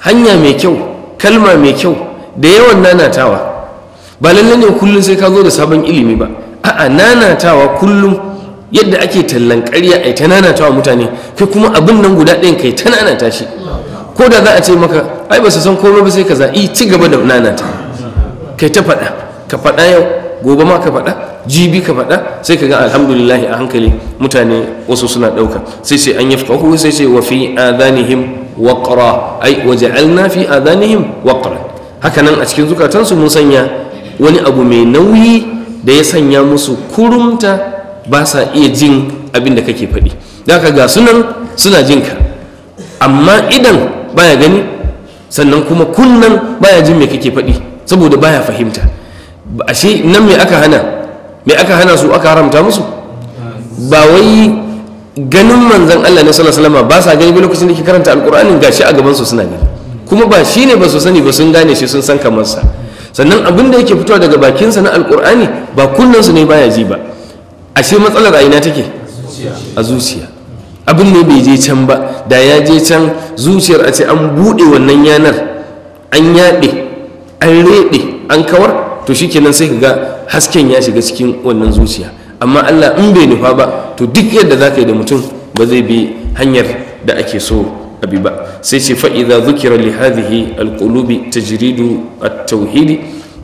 hanya mai kyau kalma mai kyau da yawan nanatawa ba lalle ne kullum sai ka zo da sabon ilimi ba a'a nanatawa kullum yadda ake tallan ƙarya ai ta nanatawa mutane kai kuma abin nan guda ɗayan kai ta nanata shi ko da za a ce maka ai ba su san komai ba sai ka za'i ci gaba da nanata kai ta faɗa ka faɗa yau gobe ma ka faɗa jibi ka faɗa sai ka ga alhamdulillah a hankali mutane wasu suna ɗauka sai sai an fahu sai sai wa fi adanihim waqra ai ja'alna fi adanihim waqra haka nan a cikin zukatansu mun sanya wani abu mai nauyi da ya sanya musu kurumta ba sa iya jin abin da kake faɗi daga ga su sunan suna jin ka amma idan baya gani sannan kuma kunnan baya jin me kake faɗi saboda baya fahimta ashe nan mai aka hana mai aka hana su aka haramta musu ba wai ganin manzon Allah ne sallallahu alaihi wasallam ba sa gani lokacin da ke karanta ga gashi a gaban su suna gani kuma ba shine ba su sani ba sun gane shi sun san kamar sa sannan abin da yake fitowa daga sa na alkur'ani ba kunnensu ne baya ji ba ashe matsalar a ina take a zuciya abin ne bai je can ba da ya je can zuciyar a ce an buɗe wannan yanar an yaɗe an reɗe an kawar to shi kenan sai ka ga hasken ya shiga cikin wannan zuciya amma Allah in bai nufa ba to duk yadda za ka yi da mutum ba zai bi hanyar da ake so a bi ba sai ce fa'iza zukira li hadhihi alqulubi tajridu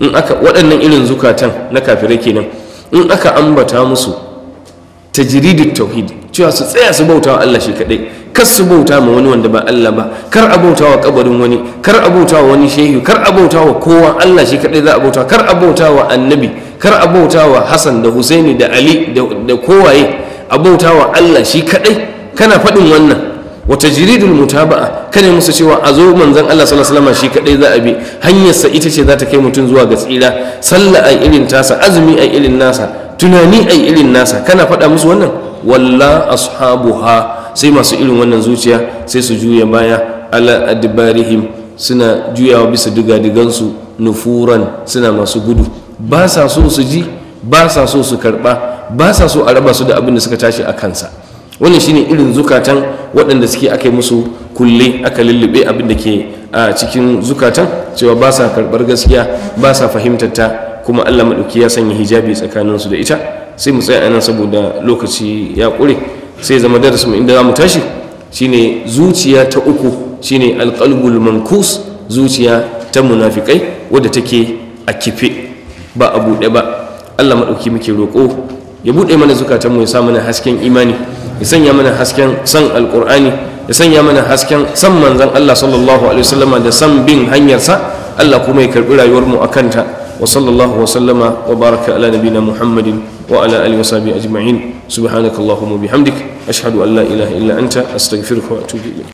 in aka waɗannan irin zukatan na kafirai kenan in aka ambata musu ta tajridit tauhidi cewa su tsaya su bauta wa Allah shi kadai kar su bauta ma wani wanda ba Allah ba kar a bauta wa kabarin wani kar a bauta wa wani shehu kar a bauta wa kowa Allah shi kadai za a bauta kar a bauta wa annabi kar a bauta wa Hassan da Husaini da Ali da kowaye a bauta wa Allah shi kadai kana faɗin wannan wa tajridul mutaba'a kana musu cewa a zo manzon Allah sallallahu alaihi wasallam shi kadai za a bi hanyarsa ita ce za ta kai mutum zuwa ga tsira sallah ai irin tasa azumi a irin nasa tunani ai irin nasa kana faɗa musu wannan walla ashabuha sai masu irin wannan zuciya sai su juya baya ala adbarihim suna juyawa bisa digadigansu nufuran suna masu gudu ba sa so su ji ba sa so su karɓa ba sa so a raba su da abin da suka tashi a kansa wannan shine irin zukatan waɗanda suke aka musu kulle aka lullube abin da ke a cikin zukatan cewa ba sa karɓar gaskiya ba sa fahimtar ta kuma allah maɗauki ya sanya hijabi tsakaninsu da ita sai mu tsaya nan saboda lokaci ya ƙure sai zama darasin inda za mu tashi shine zuciya ta uku shine alƙalbul mankus zuciya ta munafikai wadda take a kife ba a buɗe ba allah maɗauki muke roƙo ya buɗe mana zukatanmu ya sa mana hasken imani ya sanya mana hasken san alƙur'ani ya sanya mana hasken san manzan allah sallallahu alaihi wasallama da san bin hanyarsa allah kuma ya karɓi rayuwarmu a kanta wa sallallahu wa sallama wa baraka ala nabina muhammadin wa ala alihi wa sahbihi ajma'in subhanakallahumma bihamdik ashhadu an la ilaha illa anta astaghfiruka wa atubu